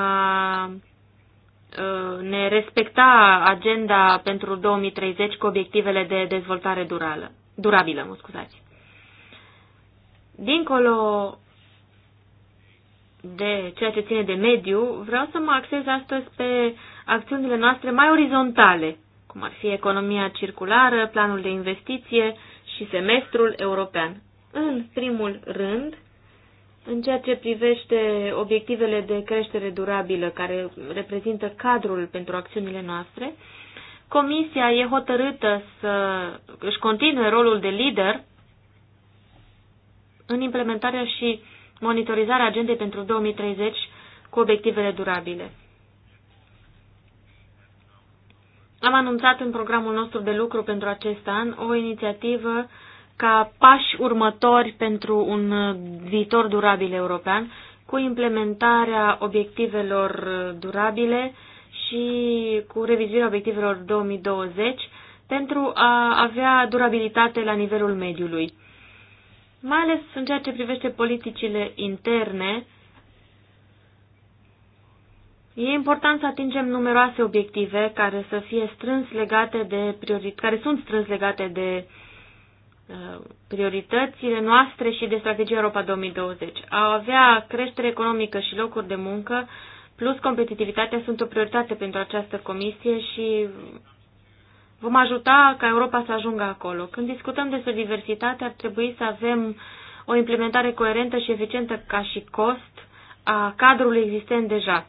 uh, ne respecta agenda pentru 2030 cu obiectivele de dezvoltare durală, durabilă. Mă scuzați. Dincolo de ceea ce ține de mediu, vreau să mă axez astăzi pe acțiunile noastre mai orizontale, cum ar fi economia circulară, planul de investiție și semestrul european. În primul rând, în ceea ce privește obiectivele de creștere durabilă, care reprezintă cadrul pentru acțiunile noastre, Comisia e hotărâtă să își continue rolul de lider în implementarea și monitorizarea agendei pentru 2030 cu obiectivele durabile. Am anunțat în programul nostru de lucru pentru acest an o inițiativă ca pași următori pentru un viitor durabil european, cu implementarea obiectivelor durabile și cu revizuirea obiectivelor 2020 pentru a avea durabilitate la nivelul mediului mai ales în ceea ce privește politicile interne, E important să atingem numeroase obiective care să fie strâns legate de priorit- care sunt strâns legate de uh, prioritățile noastre și de strategia Europa 2020. A avea creștere economică și locuri de muncă plus competitivitatea sunt o prioritate pentru această comisie și vom ajuta ca Europa să ajungă acolo. Când discutăm despre diversitate, ar trebui să avem o implementare coerentă și eficientă ca și cost a cadrului existent deja.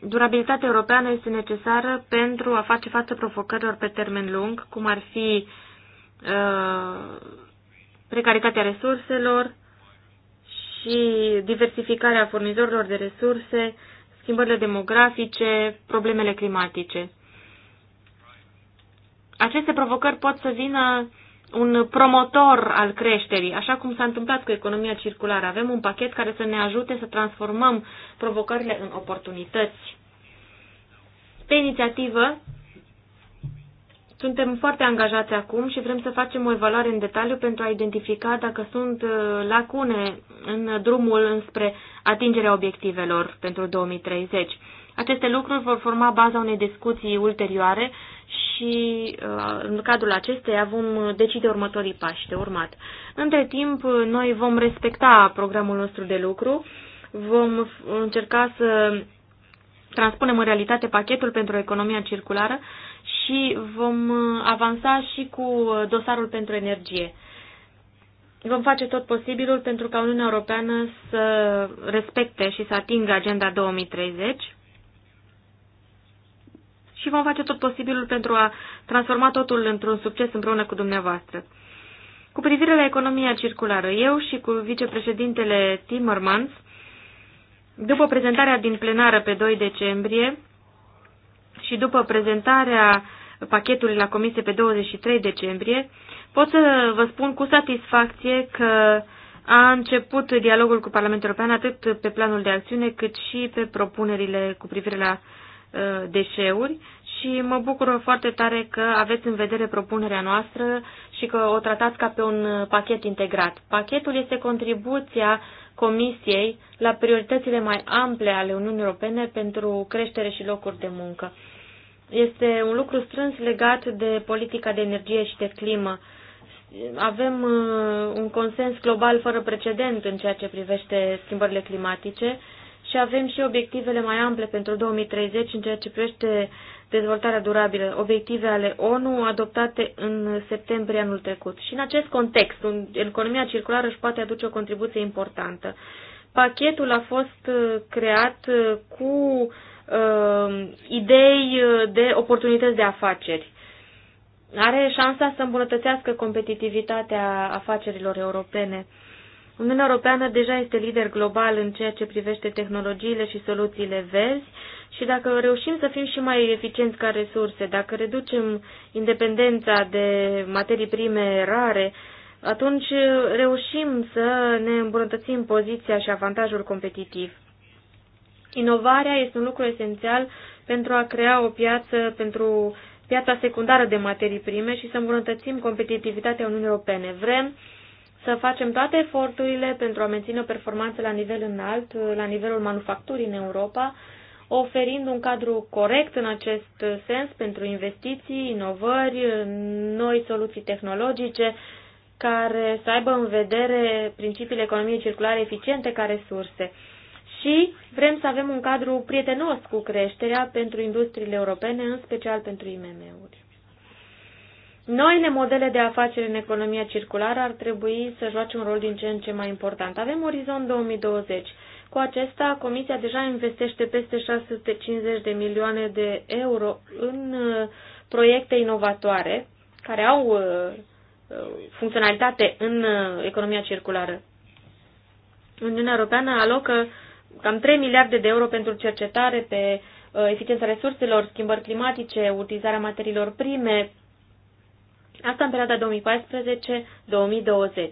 Durabilitatea europeană este necesară pentru a face față provocărilor pe termen lung, cum ar fi uh, precaritatea resurselor și diversificarea furnizorilor de resurse, schimbările demografice, problemele climatice aceste provocări pot să vină un promotor al creșterii, așa cum s-a întâmplat cu economia circulară. Avem un pachet care să ne ajute să transformăm provocările în oportunități. Pe inițiativă, suntem foarte angajați acum și vrem să facem o evaluare în detaliu pentru a identifica dacă sunt uh, lacune în drumul înspre atingerea obiectivelor pentru 2030. Aceste lucruri vor forma baza unei discuții ulterioare și uh, în cadrul acesteia vom decide următorii pași de urmat. Între timp, noi vom respecta programul nostru de lucru, vom încerca să transpunem în realitate pachetul pentru economia circulară și vom uh, avansa și cu uh, dosarul pentru energie. Vom face tot posibilul pentru ca Uniunea Europeană să respecte și să atingă agenda 2030 și vom face tot posibilul pentru a transforma totul într-un succes împreună cu dumneavoastră. Cu privire la economia circulară, eu și cu vicepreședintele Timmermans, după prezentarea din plenară pe 2 decembrie și după prezentarea pachetului la comisie pe 23 decembrie, pot să vă spun cu satisfacție că a început dialogul cu Parlamentul European atât pe planul de acțiune cât și pe propunerile cu privire la Uh, deșeuri și mă bucur foarte tare că aveți în vedere propunerea noastră și că o tratați ca pe un pachet integrat. Pachetul este contribuția Comisiei la prioritățile mai ample ale Uniunii Europene pentru creștere și locuri de muncă. Este un lucru strâns legat de politica de energie și de climă. Avem uh, un consens global fără precedent în ceea ce privește schimbările climatice și avem și obiectivele mai ample pentru 2030 în ceea ce privește dezvoltarea durabilă, obiective ale ONU adoptate în septembrie anul trecut. Și în acest context, economia circulară își poate aduce o contribuție importantă. Pachetul a fost uh, creat uh, cu uh, idei uh, de oportunități de afaceri. Are șansa să îmbunătățească competitivitatea afacerilor europene. Uniunea Europeană deja este lider global în ceea ce privește tehnologiile și soluțiile verzi și dacă reușim să fim și mai eficienți ca resurse, dacă reducem independența de materii prime rare, atunci reușim să ne îmbunătățim poziția și avantajul competitiv. Inovarea este un lucru esențial pentru a crea o piață pentru piața secundară de materii prime și să îmbunătățim competitivitatea Uniunii Europene. Vrem să facem toate eforturile pentru a menține o performanță la nivel înalt, la nivelul manufacturii în Europa, oferind un cadru corect în acest sens pentru investiții, inovări, noi soluții tehnologice, care să aibă în vedere principiile economiei circulare eficiente ca resurse. Și vrem să avem un cadru prietenos cu creșterea pentru industriile europene, în special pentru IMM-uri. Noile modele de afaceri în economia circulară ar trebui să joace un rol din ce în ce mai important. Avem Orizont 2020. Cu acesta, Comisia deja investește peste 650 de milioane de euro în uh, proiecte inovatoare care au uh, uh, funcționalitate în economia circulară. Uniunea Europeană alocă cam 3 miliarde de euro pentru cercetare pe eficiența resurselor, schimbări climatice, utilizarea materiilor prime, Asta în perioada 2014-2020.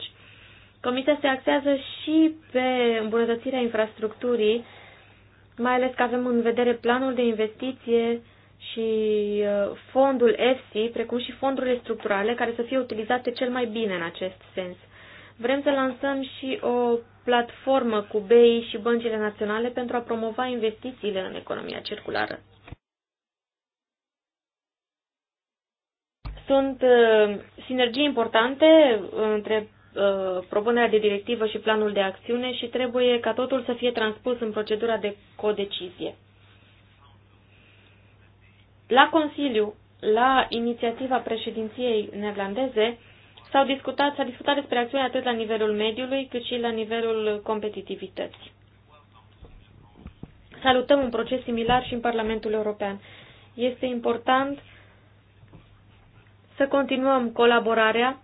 Comisia se axează și pe îmbunătățirea infrastructurii, mai ales că avem în vedere planul de investiție și uh, fondul EFSI, precum și fondurile structurale, care să fie utilizate cel mai bine în acest sens. Vrem să lansăm și o platformă cu BEI și băncile naționale pentru a promova investițiile în economia circulară. Sunt uh, sinergii importante între uh, propunerea de directivă și planul de acțiune și trebuie ca totul să fie transpus în procedura de codecizie. La Consiliu, la inițiativa președinției neerlandeze, s-a discutat, s-a discutat despre acțiune atât la nivelul mediului cât și la nivelul competitivității. Salutăm un proces similar și în Parlamentul European. Este important să continuăm colaborarea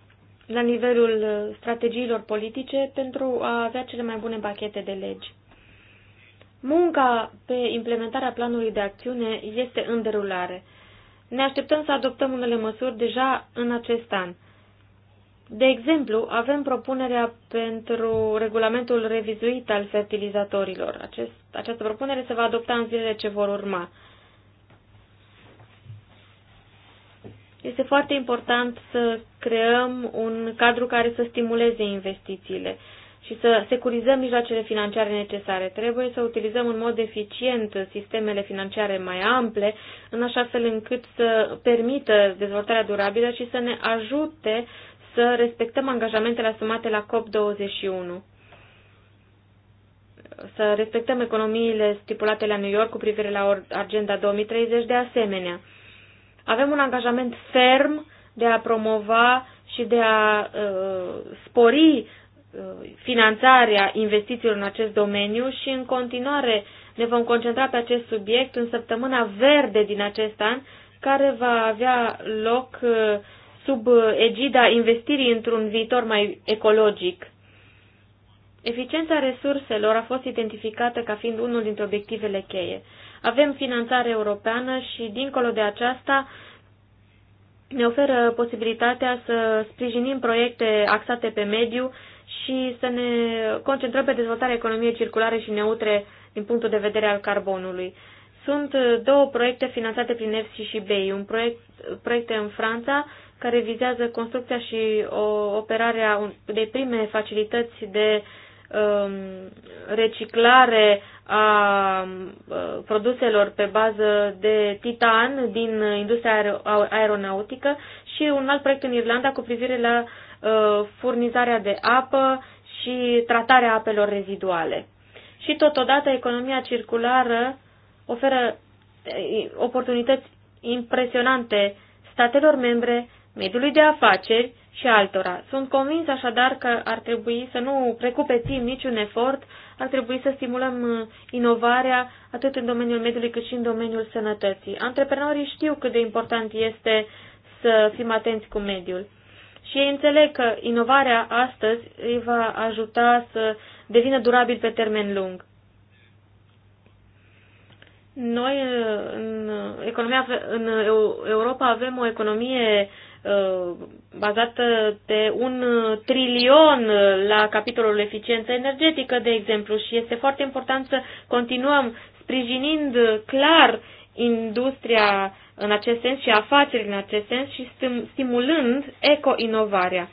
la nivelul strategiilor politice pentru a avea cele mai bune pachete de legi. Munca pe implementarea planului de acțiune este în derulare. Ne așteptăm să adoptăm unele măsuri deja în acest an. De exemplu, avem propunerea pentru regulamentul revizuit al fertilizatorilor. Acest, această propunere se va adopta în zilele ce vor urma. Este foarte important să creăm un cadru care să stimuleze investițiile și să securizăm mijloacele financiare necesare. Trebuie să utilizăm în mod eficient sistemele financiare mai ample, în așa fel încât să permită dezvoltarea durabilă și să ne ajute să respectăm angajamentele asumate la COP21. Să respectăm economiile stipulate la New York cu privire la Agenda 2030 de asemenea. Avem un angajament ferm de a promova și de a uh, spori uh, finanțarea investițiilor în acest domeniu și în continuare ne vom concentra pe acest subiect în săptămâna verde din acest an, care va avea loc uh, sub egida investirii într-un viitor mai ecologic. Eficiența resurselor a fost identificată ca fiind unul dintre obiectivele cheie. Avem finanțare europeană și, dincolo de aceasta, ne oferă posibilitatea să sprijinim proiecte axate pe mediu și să ne concentrăm pe dezvoltarea economiei circulare și neutre din punctul de vedere al carbonului. Sunt două proiecte finanțate prin EFSI și BEI, un proiect, proiecte în Franța care vizează construcția și o, operarea de prime facilități de uh, Um, reciclare a um, produselor pe bază de titan din industria aeronautică și un alt proiect în Irlanda cu privire la uh, furnizarea de apă și tratarea apelor reziduale. Și totodată economia circulară oferă eh, oportunități impresionante statelor membre, mediului de afaceri și altora. Sunt convins așadar că ar trebui să nu precupețim niciun efort, ar trebui să stimulăm uh, inovarea atât în domeniul mediului cât și în domeniul sănătății. Antreprenorii știu cât de important este să fim atenți cu mediul. Și ei înțeleg că inovarea astăzi îi va ajuta să devină durabil pe termen lung. Noi uh, în, economia, în Europa avem o economie Uh, bazată de un trilion la capitolul eficiență energetică, de exemplu, și este foarte important să continuăm sprijinind clar industria în acest sens și afacerile în acest sens și stimulând eco-inovarea.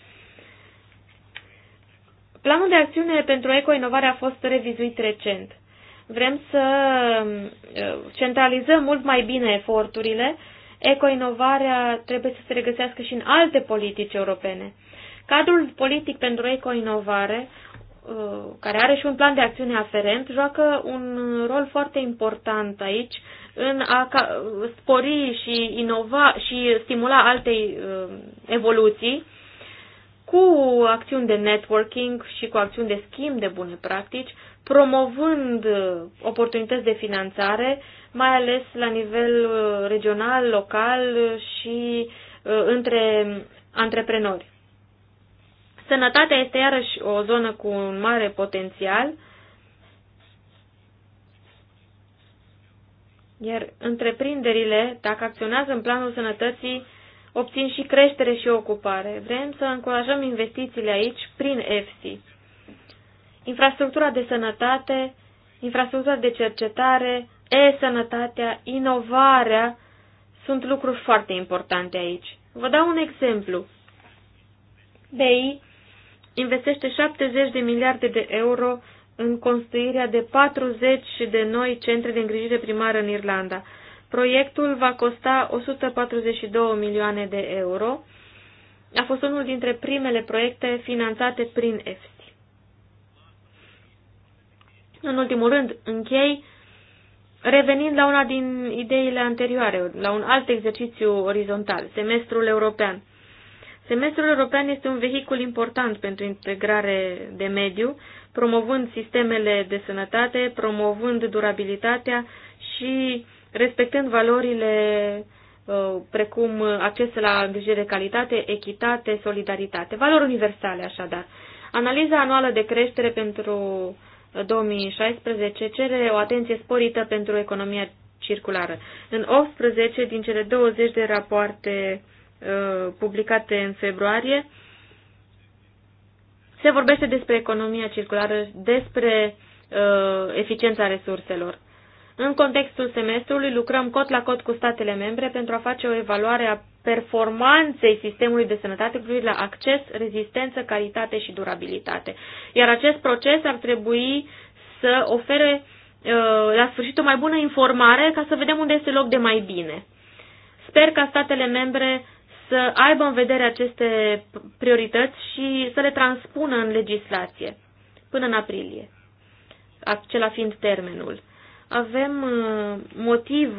Planul de acțiune pentru eco-inovare a fost revizuit recent. Vrem să uh, centralizăm mult mai bine eforturile ecoinovarea trebuie să se regăsească și în alte politici europene. Cadrul politic pentru ecoinovare, uh, care are și un plan de acțiune aferent, joacă un rol foarte important aici în a uh, spori și inova și stimula alte uh, evoluții cu acțiuni de networking și cu acțiuni de schimb de bune practici, promovând oportunități de finanțare, mai ales la nivel uh, regional, local și uh, între antreprenori. Sănătatea este iarăși o zonă cu un mare potențial, iar întreprinderile, dacă acționează în planul sănătății, obțin și creștere și ocupare. Vrem să încurajăm investițiile aici prin EFSI. Infrastructura de sănătate, infrastructura de cercetare, e-sănătatea, inovarea sunt lucruri foarte importante aici. Vă dau un exemplu. BI investește 70 de miliarde de euro în construirea de 40 de noi centre de îngrijire primară în Irlanda. Proiectul va costa 142 milioane de euro. A fost unul dintre primele proiecte finanțate prin EFSI. În ultimul rând, închei revenind la una din ideile anterioare, la un alt exercițiu orizontal, semestrul european. Semestrul european este un vehicul important pentru integrare de mediu, promovând sistemele de sănătate, promovând durabilitatea și respectând valorile uh, precum accesul la îngrijire de calitate, echitate, solidaritate. Valori universale, așadar. Analiza anuală de creștere pentru 2016 uh, cere o atenție sporită pentru economia circulară. În 18 din cele 20 de rapoarte uh, publicate în februarie, se vorbește despre economia circulară, despre uh, eficiența resurselor. În contextul semestrului lucrăm cot la cot cu statele membre pentru a face o evaluare a performanței sistemului de sănătate cu la acces, rezistență, calitate și durabilitate. Iar acest proces ar trebui să ofere uh, la sfârșit o mai bună informare ca să vedem unde este loc de mai bine. Sper ca statele membre să aibă în vedere aceste priorități și să le transpună în legislație până în aprilie, acela fiind termenul avem uh, motiv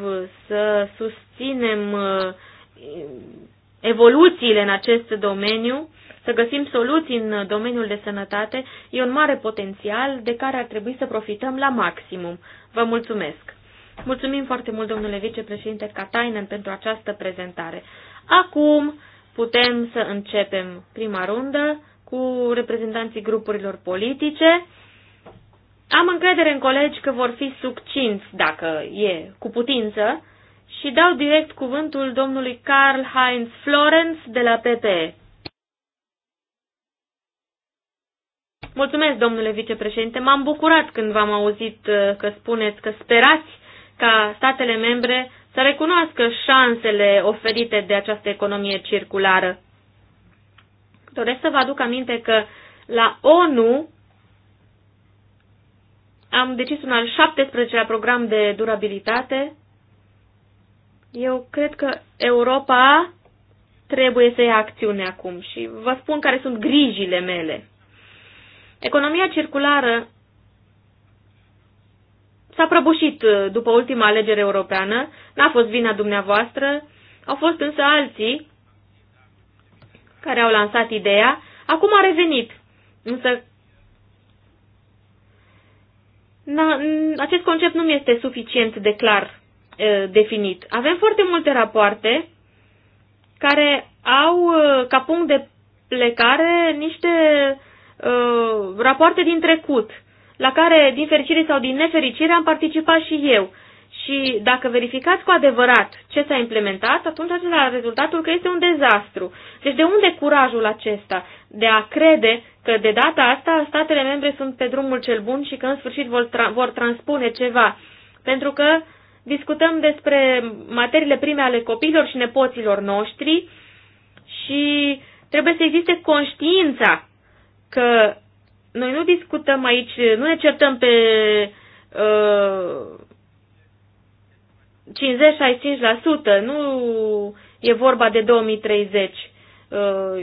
să susținem uh, evoluțiile în acest domeniu, să găsim soluții în domeniul de sănătate, e un mare potențial de care ar trebui să profităm la maximum. Vă mulțumesc! Mulțumim foarte mult, domnule vicepreședinte Katainen, pentru această prezentare. Acum putem să începem prima rundă cu reprezentanții grupurilor politice. Am încredere în colegi că vor fi succinți, dacă e cu putință, și dau direct cuvântul domnului Karl Heinz Florenz de la PP. Mulțumesc, domnule vicepreședinte. M-am bucurat când v-am auzit uh, că spuneți că sperați ca statele membre să recunoască șansele oferite de această economie circulară. Doresc să vă aduc aminte că la ONU am decis un al 17-lea program de durabilitate. Eu cred că Europa trebuie să ia acțiune acum și vă spun care sunt grijile mele. Economia circulară s-a prăbușit uh, după ultima alegere europeană, n-a fost vina dumneavoastră, au fost însă alții care au lansat ideea, acum a revenit. Însă acest concept nu mi este suficient de clar definit. Avem foarte multe rapoarte care au ca punct de plecare niște uh, rapoarte din trecut, la care, din fericire sau din nefericire, am participat și eu. Și dacă verificați cu adevărat ce s-a implementat, atunci ajunge la rezultatul că este un dezastru. Deci de unde curajul acesta de a crede că de data asta statele membre sunt pe drumul cel bun și că în sfârșit vor, tra vor transpune ceva. Pentru că discutăm despre materiile prime ale copiilor și nepoților noștri și trebuie să existe conștiința că noi nu discutăm aici, nu ne certăm pe uh, 50-65%, nu e vorba de 2030. Uh,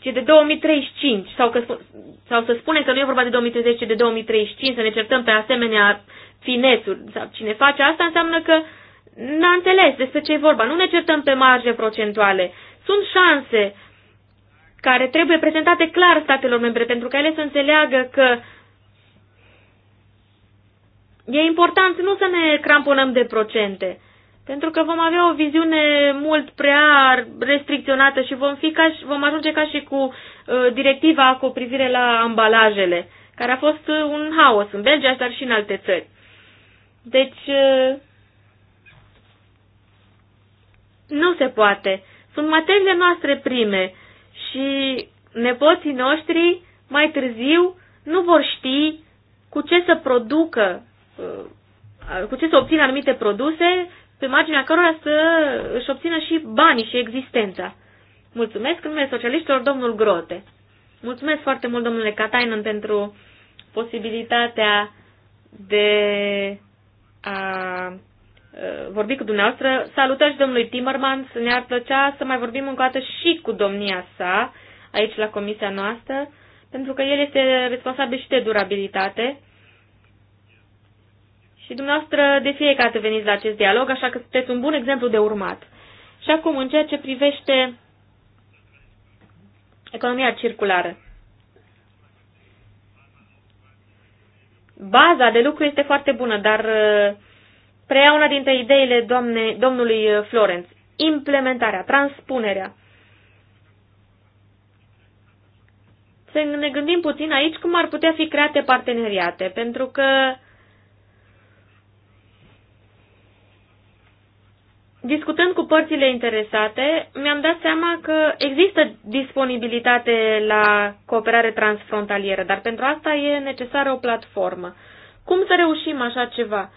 ci de 2035, sau, că, sau să spunem că nu e vorba de 2030, ci de 2035, să ne certăm pe asemenea finețuri. Sau cine face asta înseamnă că n-a înțeles despre ce e vorba. Nu ne certăm pe marge procentuale. Sunt șanse care trebuie prezentate clar statelor membre pentru ca ele să înțeleagă că e important nu să ne cramponăm de procente. Pentru că vom avea o viziune mult prea restricționată și vom, fi ca, vom ajunge ca și cu uh, directiva cu privire la ambalajele, care a fost uh, un haos în Belgia, dar și în alte țări. Deci, uh, nu se poate. Sunt materiile noastre prime și nepoții noștri mai târziu nu vor ști cu ce să producă, uh, cu ce să obțină anumite produse pe marginea cărora să își obțină și banii și existența. Mulțumesc în numele socialiștilor domnul Grote. Mulțumesc foarte mult, domnule Katainen, pentru posibilitatea de a uh, vorbi cu dumneavoastră. Salutări și domnului să Ne-ar plăcea să mai vorbim încă o dată și cu domnia sa aici la comisia noastră, pentru că el este responsabil și de durabilitate și dumneavoastră de fiecare dată veniți la acest dialog, așa că sunteți un bun exemplu de urmat. Și acum, în ceea ce privește economia circulară. Baza de lucru este foarte bună, dar uh, preia una dintre ideile doamne, domnului uh, Florenț. Implementarea, transpunerea. Să ne gândim puțin aici cum ar putea fi create parteneriate, pentru că discutând cu părțile interesate, mi-am dat seama că există disponibilitate la cooperare transfrontalieră, dar pentru asta e necesară o platformă. Cum să reușim așa ceva?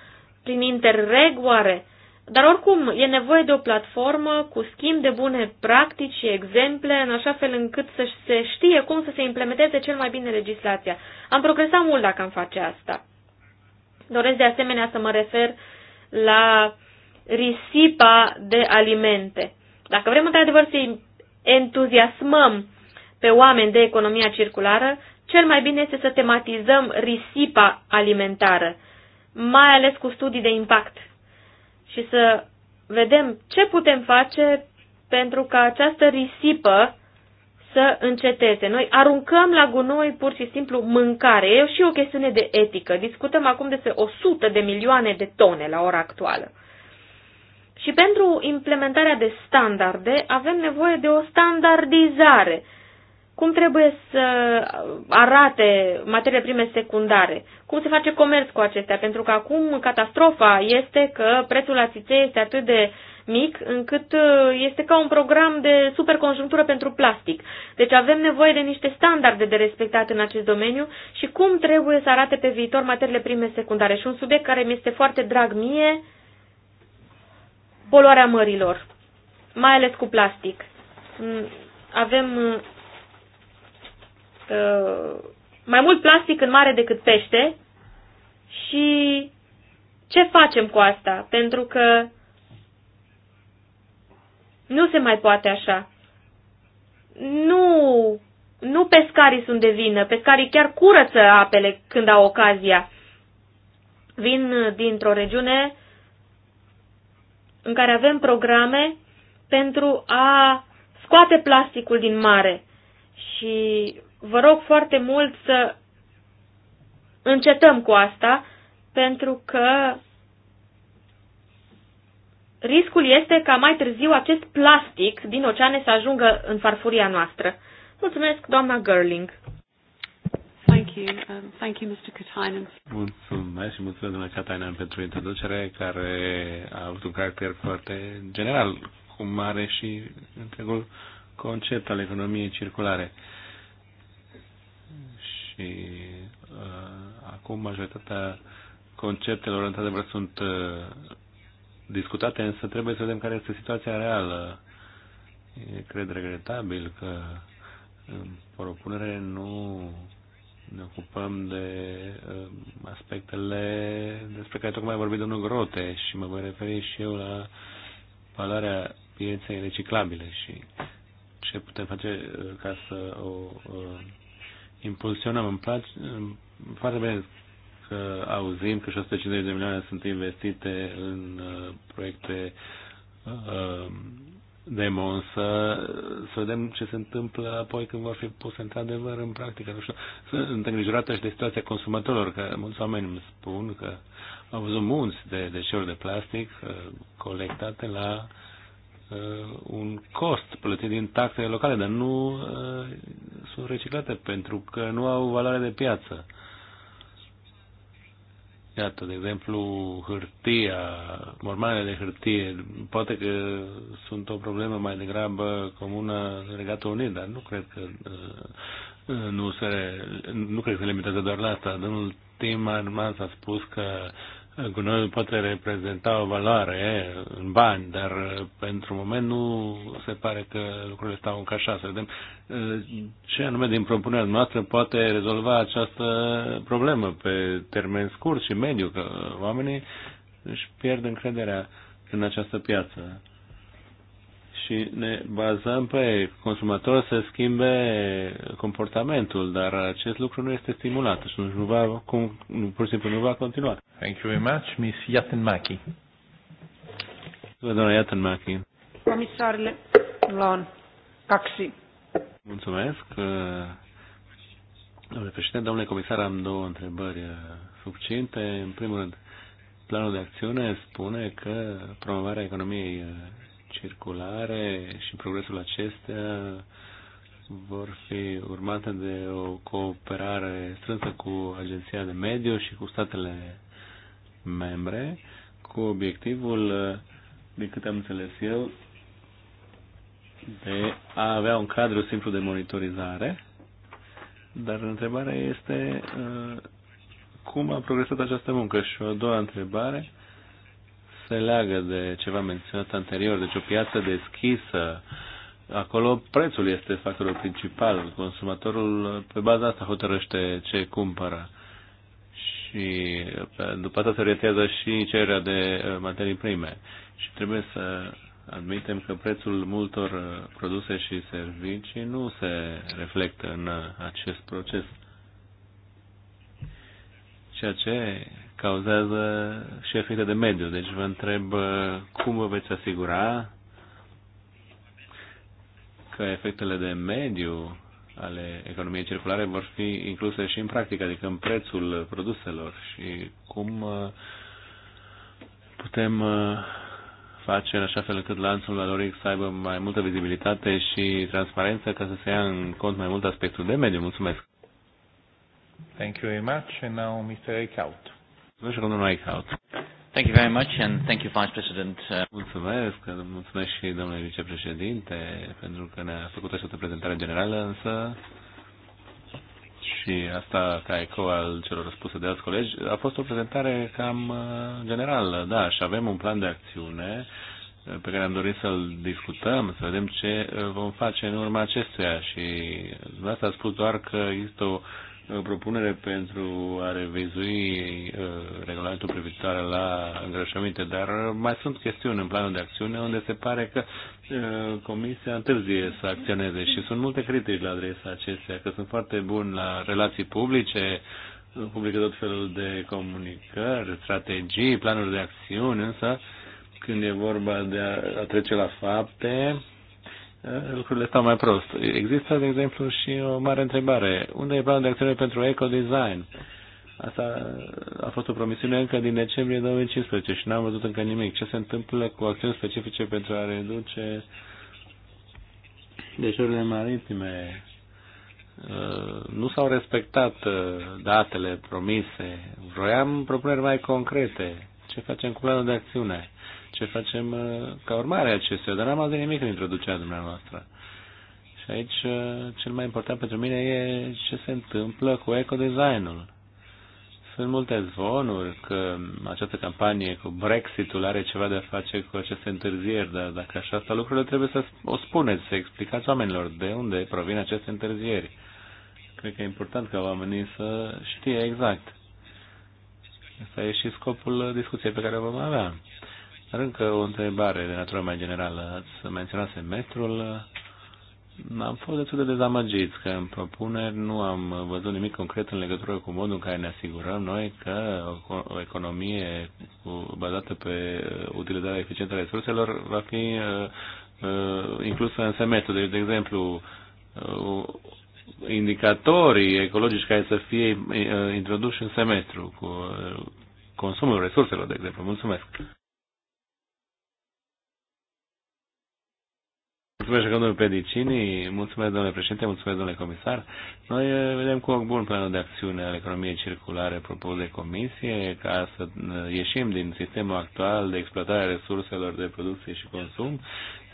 Prin interreg oare? Dar oricum, e nevoie de o platformă cu schimb de bune practici și exemple, în așa fel încât să se știe cum să se implementeze cel mai bine legislația. Am progresat mult dacă am face asta. Doresc de asemenea să mă refer la risipa de alimente. Dacă vrem într-adevăr să entuziasmăm pe oameni de economia circulară, cel mai bine este să tematizăm risipa alimentară, mai ales cu studii de impact și să vedem ce putem face pentru ca această risipă să înceteze. Noi aruncăm la gunoi pur și simplu mâncare. E și o chestiune de etică. Discutăm acum despre 100 de milioane de tone la ora actuală. Și pentru implementarea de standarde avem nevoie de o standardizare. Cum trebuie să arate materiile prime secundare? Cum se face comerț cu acestea? Pentru că acum catastrofa este că prețul la țiței este atât de mic încât uh, este ca un program de superconjunctură pentru plastic. Deci avem nevoie de niște standarde de respectat în acest domeniu și cum trebuie să arate pe viitor materiile prime secundare. Și un subiect care mi este foarte drag mie, poluarea mărilor, mai ales cu plastic. Mm, avem uh, mai mult plastic în mare decât pește și ce facem cu asta? Pentru că nu se mai poate așa. Nu, nu pescarii sunt de vină, pescarii chiar curăță apele când au ocazia. Vin dintr-o regiune în care avem programe pentru a scoate plasticul din mare. Și vă rog foarte mult să încetăm cu asta, pentru că riscul este ca mai târziu acest plastic din oceane să ajungă în farfuria noastră. Mulțumesc, doamna Gerling. Thank you. Um, thank you, Mr. Katainen. Mulțumesc și mulțumesc, domnule Katainen, pentru introducere care a avut un caracter foarte general, cum mare și întregul concept al economiei circulare. Și uh, acum majoritatea conceptelor, într-adevăr, sunt uh, discutate, însă trebuie să vedem care este situația reală. E, cred regretabil că în propunere nu ne ocupăm de uh, aspectele despre care tocmai a vorbit domnul Grote și mă voi referi și eu la valoarea pieței reciclabile și ce putem face uh, ca să o uh, impulsionăm. Îmi place foarte bine că auzim că 650 de milioane sunt investite în uh, proiecte uh, demon, să, să vedem ce se întâmplă apoi când vor fi pus într-adevăr în practică. Nu știu, sunt îngrijorată și de situația consumatorilor, că mulți oameni îmi spun că au văzut munți de deșeuri de plastic uh, colectate la uh, un cost plătit din taxele locale, dar nu uh, sunt reciclate pentru că nu au valoare de piață. Iată, de exemplu, hârtia, mormanele de hârtie, poate că sunt o problemă mai degrabă comună în Regatul Unit, dar nu cred că uh, nu se, nu cred că se limitează doar la asta. Domnul Tim s a spus că gunoiul poate reprezenta o valoare în bani, dar uh, pentru moment nu se pare că lucrurile stau încă așa. Să vedem uh, ce anume din propunerea noastră poate rezolva această problemă pe termen scurt și mediu, că oamenii își pierd încrederea în această piață și ne bazăm pe consumator să schimbe comportamentul, dar acest lucru nu este stimulat și deci nu va, cum, pur și simplu nu va continua. Thank you very much, Miss Maki. Doamna Maki. Comisarele, Lon, taxi. Mulțumesc. Domnule președinte, domnule comisar, am două întrebări subcinte. În primul rând, planul de acțiune spune că promovarea economiei circulare și progresul acestea vor fi urmate de o cooperare strânsă cu Agenția de Mediu și cu statele membre, cu obiectivul, din câte am înțeles eu, de a avea un cadru simplu de monitorizare, dar întrebarea este uh, cum a progresat această muncă. Și o a doua întrebare, se leagă de ceva menționat anterior, deci o piață deschisă, acolo prețul este factorul principal, consumatorul pe baza asta hotărăște ce cumpără și după asta se orientează și cererea de uh, materii prime și trebuie să admitem că prețul multor uh, produse și servicii nu se reflectă în uh, acest proces ceea ce cauzează și efecte de mediu. Deci vă întreb uh, cum vă veți asigura că efectele de mediu ale economiei circulare vor fi incluse și în practică, adică în prețul produselor și cum uh, putem uh, face în așa fel încât lanțul valoric să aibă mai multă vizibilitate și transparență ca să se ia în cont mai mult aspectul de mediu. Mulțumesc! Thank you very much. And now Mr. Eichhout. Thank you very much and thank you, Vice President. Uh, mulțumesc, mulțumesc și domnule vicepreședinte pentru că ne-a făcut această prezentare generală, însă și asta ca eco al celor răspuse de alți colegi, a fost o prezentare cam uh, generală, da, și avem un plan de acțiune uh, pe care am dorit să-l discutăm, să vedem ce vom face în urma acestuia și asta a spus doar că există o propunere pentru a revizui uh, regulamentul privitoare la îngrășăminte, dar mai sunt chestiuni în planul de acțiune unde se pare că uh, Comisia întârzie să acționeze și sunt multe critici la adresa acestea, că sunt foarte buni la relații publice, publică tot felul de comunicări, strategii, planuri de acțiune, însă când e vorba de a, a trece la fapte, Eh, lucrurile stau mai prost. Există, de exemplu, și o mare întrebare. Unde e planul de acțiune pentru eco-design? Asta a fost o promisiune încă din decembrie 2015 și n-am văzut încă nimic. Ce se întâmplă cu acțiuni specifice pentru a reduce deșeurile maritime? Eh, nu s-au respectat eh, datele promise. Vroiam propuneri mai concrete. Ce facem cu planul de acțiune? ce facem uh, ca urmare acestea dar n-am auzit nimic în introducerea dumneavoastră. Și aici uh, cel mai important pentru mine e ce se întâmplă cu ecodesignul. Sunt multe zvonuri că această campanie cu Brexitul are ceva de a face cu aceste întârzieri, dar dacă așa stau lucrurile, trebuie să o spuneți, să explicați oamenilor de unde provin aceste întârzieri. Cred că e important ca oamenii să știe exact. Asta e și scopul uh, discuției pe care o vom avea. Dar încă o întrebare de natură mai generală. Ați menționat semestrul. Am fost destul de dezamăgiți că în propuneri nu am văzut nimic concret în legătură cu modul în care ne asigurăm noi că o economie bazată pe uh, utilizarea eficientă a resurselor va fi uh, uh, inclusă în semestru. Deci, de exemplu, indicatorii ecologici care să fie introduși în semestru cu consumul resurselor, de exemplu. Mulțumesc! Mulțumesc, domnul Pedicini, mulțumesc, domnule președinte, mulțumesc, domnule comisar. Noi eh, vedem cu ochi bun planul de acțiune al economiei circulare propus de comisie ca să eh, ieșim din sistemul actual de exploatare a resurselor de producție și consum.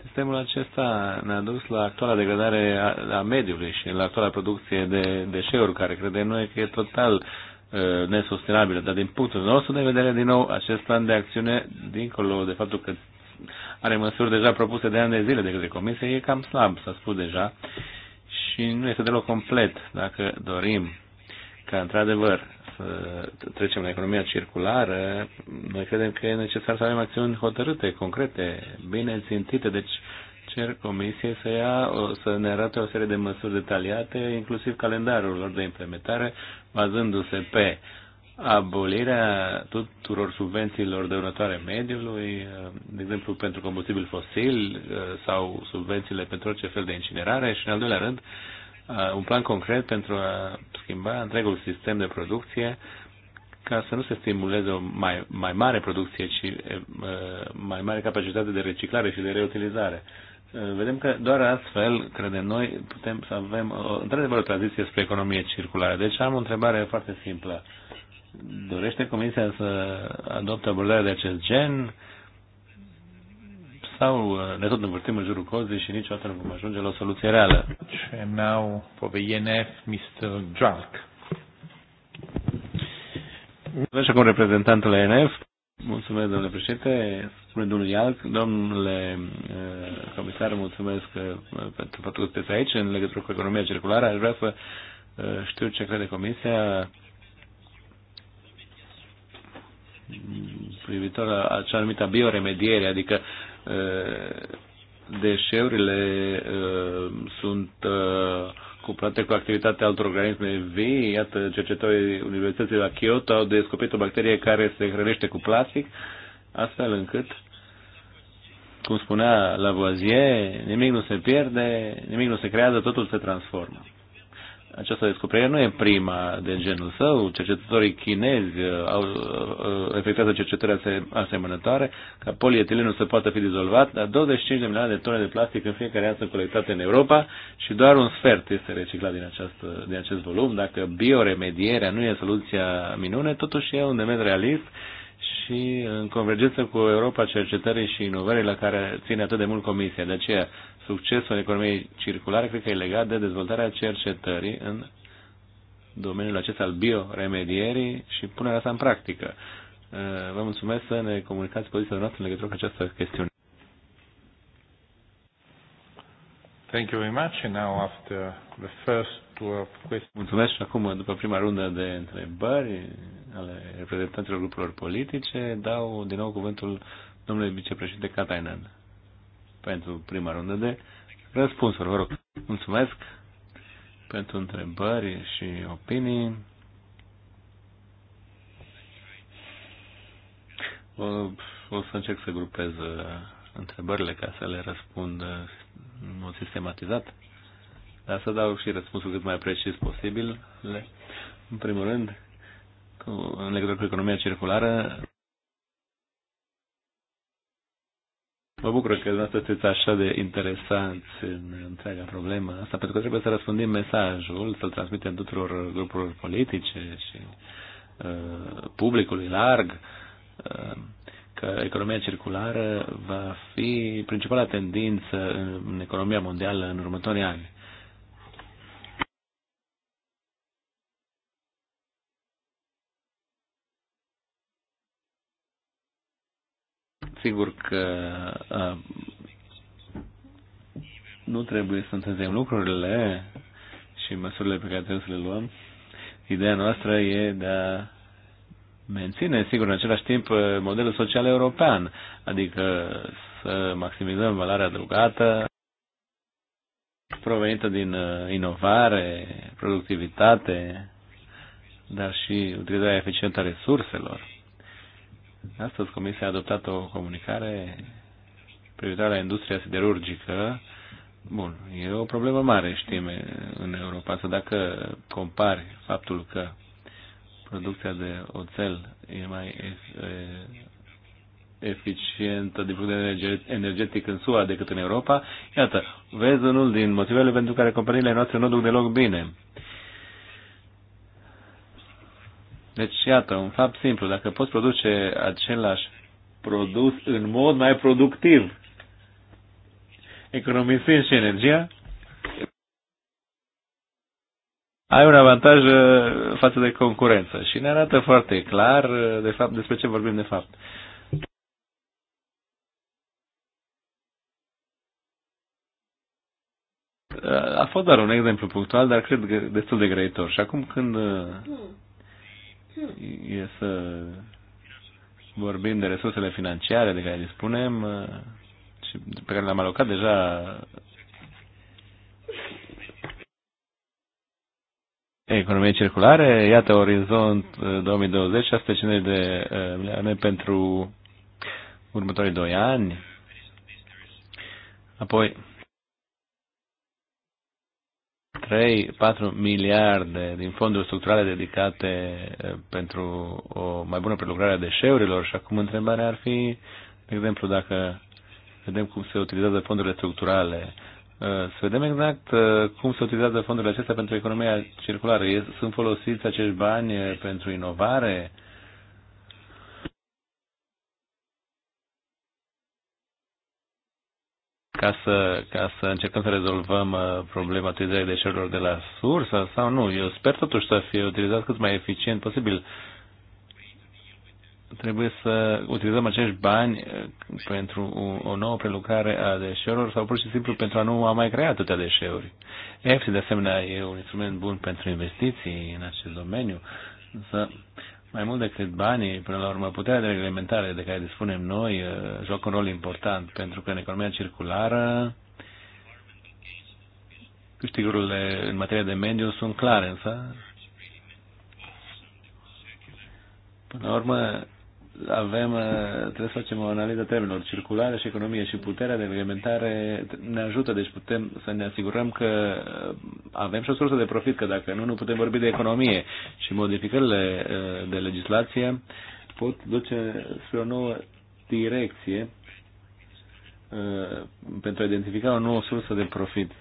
Sistemul acesta ne-a dus la actuala degradare a mediului și la actuala producție de deșeuri, care credem noi că e total eh, nesustenabilă, dar din punctul nostru de vedere, din nou, acest plan de acțiune, dincolo de faptul că are măsuri deja propuse de ani de zile de către Comisie, e cam slab, s-a spus deja, și nu este deloc complet dacă dorim ca într-adevăr să trecem la economia circulară, noi credem că e necesar să avem acțiuni hotărâte, concrete, bine țintite, deci cer comisie să, ia, să ne arate o serie de măsuri detaliate, inclusiv calendarul lor de implementare, bazându-se pe abolirea tuturor subvențiilor dăunătoare mediului, eh, de exemplu pentru combustibil fosil eh, sau subvențiile pentru orice fel de incinerare și, în al doilea rând, eh, un plan concret pentru a schimba întregul sistem de producție ca să nu se stimuleze o mai, mai mare producție, ci mai mare capacitate de reciclare și de reutilizare. Vedem că doar astfel, credem noi, putem să avem într-adevăr o tranziție spre economie circulară. Deci am o întrebare foarte simplă. Dorește Comisia să adopte abordarea de acest gen? Sau uh, ne tot învârtim în jurul cozii și niciodată nu vom ajunge la o soluție reală? And now for the INF, Mr. Drunk. Mulțumesc acum reprezentantul ENF. Mulțumesc, domnule președinte. Spune domnul Ialc. Domnule uh, comisar, mulțumesc uh, pentru faptul că sunteți aici în legătură cu economia circulară. Aș vrea să știu ce crede Comisia privitor la acea anumită bioremediere, adică deșeurile sunt cuplate cu activitatea altor organisme vii. Iată, cercetătorii Universității la Kyoto au descoperit o bacterie care se hrănește cu plastic, astfel încât cum spunea Lavoisier, nimic nu se pierde, nimic nu se creează, totul se transformă această descoperire nu e prima de genul său. Cercetătorii chinezi uh, au, uh, uh, efectuează cercetări asemănătoare ca polietilenul să poată fi dizolvat, dar 25 de milioane de tone de plastic în fiecare an sunt colectate în Europa și doar un sfert este reciclat din, această, din acest volum. Dacă bioremedierea nu e soluția minune, totuși e un demers realist și în convergență cu Europa cercetării și inovării la care ține atât de mult Comisia. De aceea succesul economiei circulare cred că e legat de dezvoltarea cercetării în domeniul acesta al bioremedierii și punerea sa în practică. Uh, vă mulțumesc să ne comunicați poziția noastră în legătură cu această chestiune. Thank you very much. And now after the first questions. Mulțumesc și acum, după prima rundă de întrebări ale reprezentanților grupurilor politice, dau din nou cuvântul domnului vicepreședinte Katainen pentru prima rundă de răspunsuri. Vă rog, mulțumesc pentru întrebări și opinii. O, o să încerc să grupez uh, întrebările ca să le răspund uh, în mod sistematizat, dar să dau și răspunsul cât mai precis posibil. În primul rând, în legătură cu economia circulară, Mă bucur că dumneavoastră sunteți așa de interesanți în întreaga problemă asta, pentru că trebuie să răspundim mesajul, să-l transmitem tuturor grupurilor politice și uh, publicului larg, uh, că economia circulară va fi principala tendință în economia mondială în următorii ani. sigur că nu trebuie să înțelegem lucrurile și măsurile pe care trebuie să le luăm. Ideea noastră e de a menține, sigur, în același timp, modelul social european, adică să maximizăm valoarea adăugată provenită din inovare, productivitate, dar și utilizarea eficientă a resurselor. Astăzi Comisia a adoptat o comunicare privitoare la industria siderurgică. Bun, e o problemă mare, știm, în Europa. Să dacă compari faptul că producția de oțel e mai eficientă din punct de vedere energetic în SUA decât în Europa, iată, vezi unul din motivele pentru care companiile noastre nu duc deloc bine. Deci, iată, un fapt simplu, dacă poți produce același produs în mod mai productiv, economisind și energia, ai un avantaj uh, față de concurență și ne arată foarte clar, uh, de fapt, despre ce vorbim de fapt. Uh, a fost doar un exemplu punctual, dar cred că destul de greitor. Și acum când e să vorbim de resursele financiare de care dispunem uh, și pe care le-am alocat deja economie circulare, iată Orizont 2020, uh, 650 de uh, milioane pentru următorii doi ani. Apoi, 3-4 miliarde din fonduri structurale dedicate eh, pentru o mai bună prelucrare a deșeurilor și acum întrebarea ar fi, de exemplu, dacă vedem cum se utilizează fondurile structurale, eh, să vedem exact eh, cum se utilizează fondurile acestea pentru economia circulară. Sunt folosiți acești bani pentru inovare? ca să, ca să încercăm să rezolvăm uh, problema utilizării deșeurilor de la sursă sau nu. Eu sper totuși să fie utilizat cât mai eficient posibil. Trebuie să utilizăm acești bani uh, pentru o nouă prelucrare a deșeurilor sau pur și simplu pentru a nu a mai crea atâtea deșeuri. EFSI, de asemenea, e un instrument bun pentru investiții în acest domeniu, însă mai mult decât banii, până la urmă, puterea de reglementare de care dispunem noi uh, joacă un rol important, pentru că în economia circulară câștigurile în materie de mediu sunt clare, însă, până la urmă, avem, uh, trebuie să facem o analiză termenilor circulare și economie și puterea de reglementare ne ajută, deci putem să ne asigurăm că uh, avem și o sursă de profit, că dacă nu, nu putem vorbi de economie și modificările uh, de legislație pot duce spre o nouă direcție pentru a identifica o nouă sursă de profit.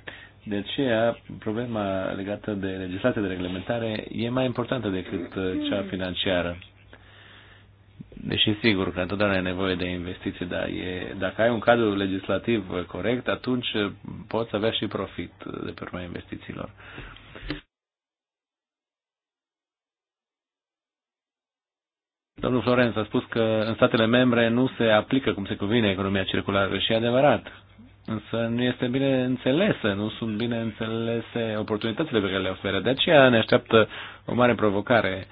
De aceea, problema legată de legislația de reglementare e mai importantă decât cea financiară. Deși sigur că întotdeauna e nevoie de investiții, dar e, dacă ai un cadru legislativ corect, atunci poți avea și profit de pe urma investițiilor. Domnul Florenț a spus că în statele membre nu se aplică cum se cuvine economia circulară și e adevărat. Însă nu este bine înțelesă, nu sunt bine înțelese oportunitățile pe care le oferă. De aceea ne așteaptă o mare provocare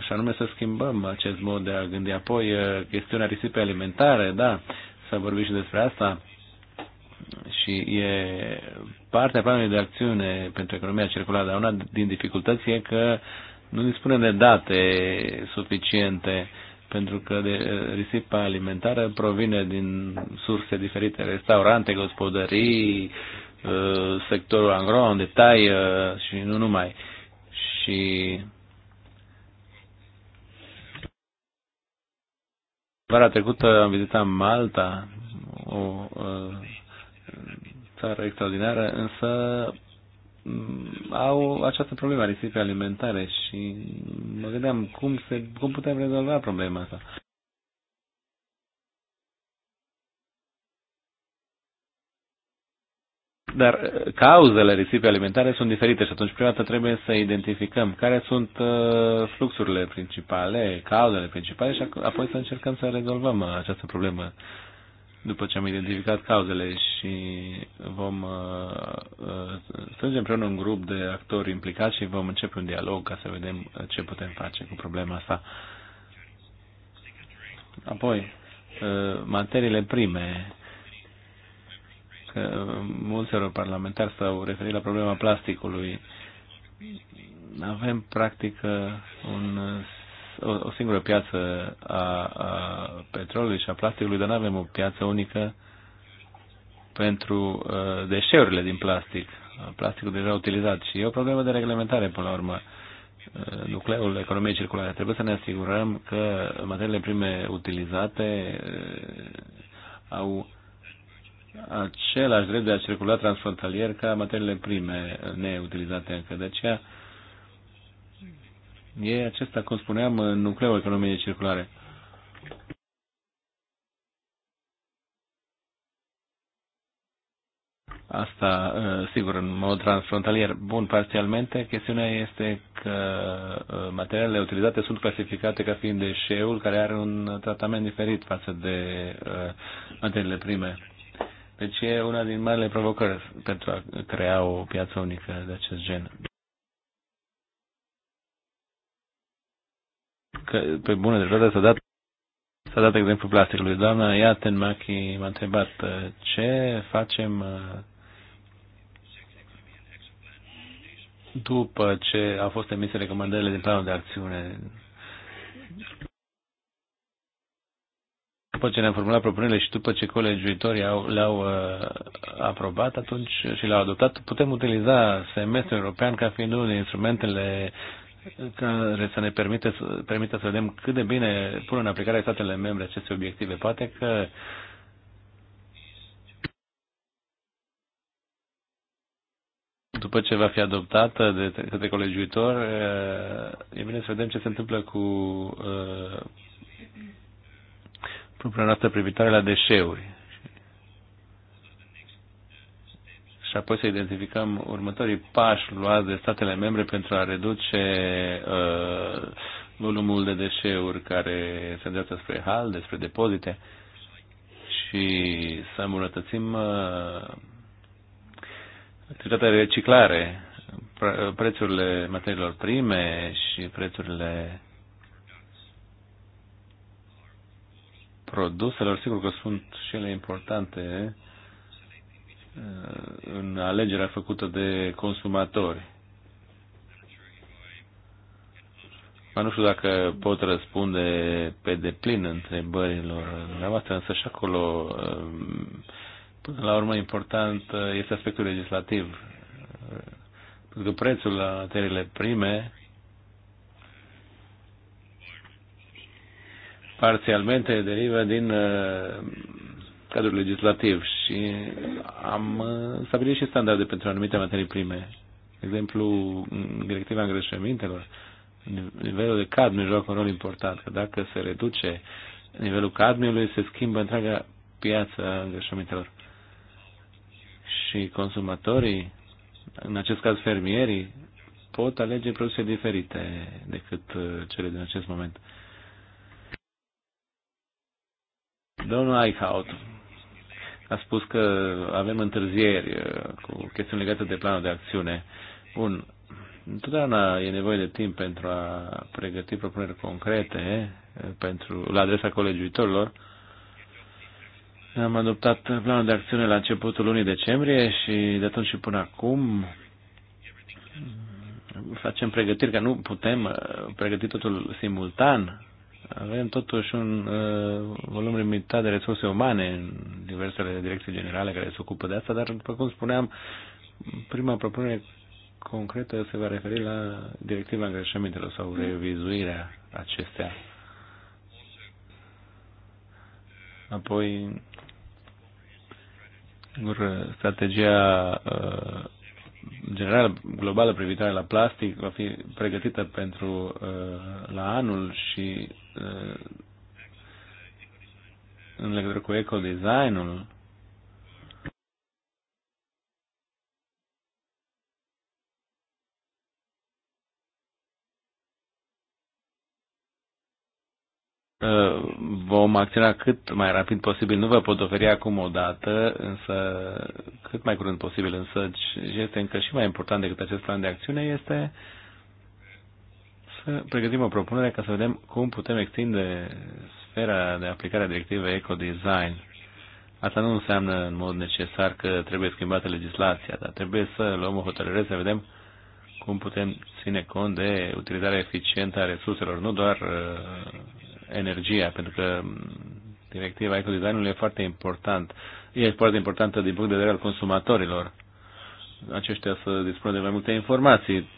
și anume să schimbăm acest mod de a gândi. Apoi, chestiunea risipei alimentare, da, să vorbim și despre asta și e partea planului de acțiune pentru economia circulară, dar una din dificultăți e că nu dispunem de date suficiente pentru că de, risipa alimentară provine din surse diferite, restaurante, gospodării, sectorul angro, în detai și nu numai. Și Vara trecută am vizitat Malta, o uh, țară extraordinară, însă mm, au această problemă a risipei alimentare și mă gândeam cum, se, cum putem rezolva problema asta. Dar uh, cauzele risipii alimentare sunt diferite și atunci prima dată trebuie să identificăm care sunt uh, fluxurile principale, cauzele principale și apoi să încercăm să rezolvăm uh, această problemă după ce am identificat cauzele și vom strânge împreună un grup de actori implicați și vom începe un dialog ca să vedem ce putem face cu problema asta. Apoi, materiile prime că uh, mulți europarlamentari s-au referit la problema plasticului. Avem, practic, uh, un, uh, o, o singură piață a, a petrolului și a plasticului, dar nu avem o piață unică pentru uh, deșeurile din plastic, plasticul deja utilizat. Și e o problemă de reglementare, până la urmă nucleul economiei circulare. Trebuie să ne asigurăm că materiile prime utilizate au același drept de a circula transfrontalier ca materiile prime neutilizate încă. De aceea e acesta, cum spuneam, nucleul economiei circulare. Asta, uh, sigur, în mod transfrontalier. Bun, parțialmente, chestiunea este că uh, materialele utilizate sunt clasificate ca fiind deșeul care are un tratament diferit față de uh, materiile prime. Deci e una din marile provocări pentru a crea o piață unică de acest gen. Că, pe bună dreptate s-a dat, s-a dat exemplu plasticului. Doamna Iaten Machi m-a întrebat ă, ce facem ă, după ce au fost emise recomandările din planul de acțiune după ce ne-am formulat propunerile și după ce colegiuitorii au, le-au uh, aprobat atunci și le-au adoptat, putem utiliza semestrul european ca fiind unul din instrumentele care să ne permite, permite să vedem cât de bine pun în aplicare statele membre aceste obiective. Poate că după ce va fi adoptată de către colegiuitor, uh, e bine să vedem ce se întâmplă cu uh, propria noastră privitoare la deșeuri. și apoi să identificăm următorii pași luați de statele membre pentru a reduce uh, volumul de deșeuri care se îndreaptă spre hal, despre depozite și să îmbunătățim uh, activitatea reciclare, prețurile materiilor prime și prețurile produselor, sigur că sunt și ele importante uh, în alegerea făcută de consumatori. Mă nu știu dacă pot răspunde pe deplin întrebărilor dumneavoastră, însă și acolo, uh, până la urmă, important uh, este aspectul legislativ. Pentru că prețul la materiile prime parțialmente derivă din uh, cadrul legislativ și am uh, stabilit și standarde pentru anumite materii prime. De exemplu, directiva îngreșămintelor, nivelul de cadmiu joacă un rol important, că dacă se reduce nivelul cadmiului, se schimbă întreaga piață a îngreșămintelor. Și consumatorii, în acest caz fermierii, pot alege produse diferite decât uh, cele din acest moment. Domnul Eichhout a spus că avem întârzieri uh, cu chestiuni legate de planul de acțiune. Bun, întotdeauna e nevoie de timp pentru a pregăti propuneri concrete uh, pentru, la adresa colegiuitorilor. Am adoptat planul de acțiune la începutul lunii decembrie și de atunci și până acum mm, facem pregătiri, că nu putem uh, pregăti totul simultan avem totuși un uh, volum limitat de resurse umane în diversele direcții generale care se ocupă de asta, dar, după cum spuneam, prima propunere concretă se va referi la directiva îngrășămintelor sau revizuirea acestea. Apoi, strategia uh, generală globală privitoare la plastic va fi pregătită pentru uh, la anul și uh, în legătură cu ecodesignul Ă, vom acționa cât mai rapid posibil. Nu vă pot oferi acum o dată, însă cât mai curând posibil, însă ce este încă și mai important decât acest plan de acțiune este să pregătim o propunere ca să vedem cum putem extinde sfera de aplicare a directivei ecodesign. Asta nu înseamnă în mod necesar că trebuie schimbată legislația, dar trebuie să luăm o hotărâre să vedem cum putem ține cont de utilizarea eficientă a resurselor, nu doar ă, energia, pentru că mm, directiva ecodesignului e foarte important. E foarte importantă din punct de vedere al consumatorilor. Aceștia să dispună de mai multe informații.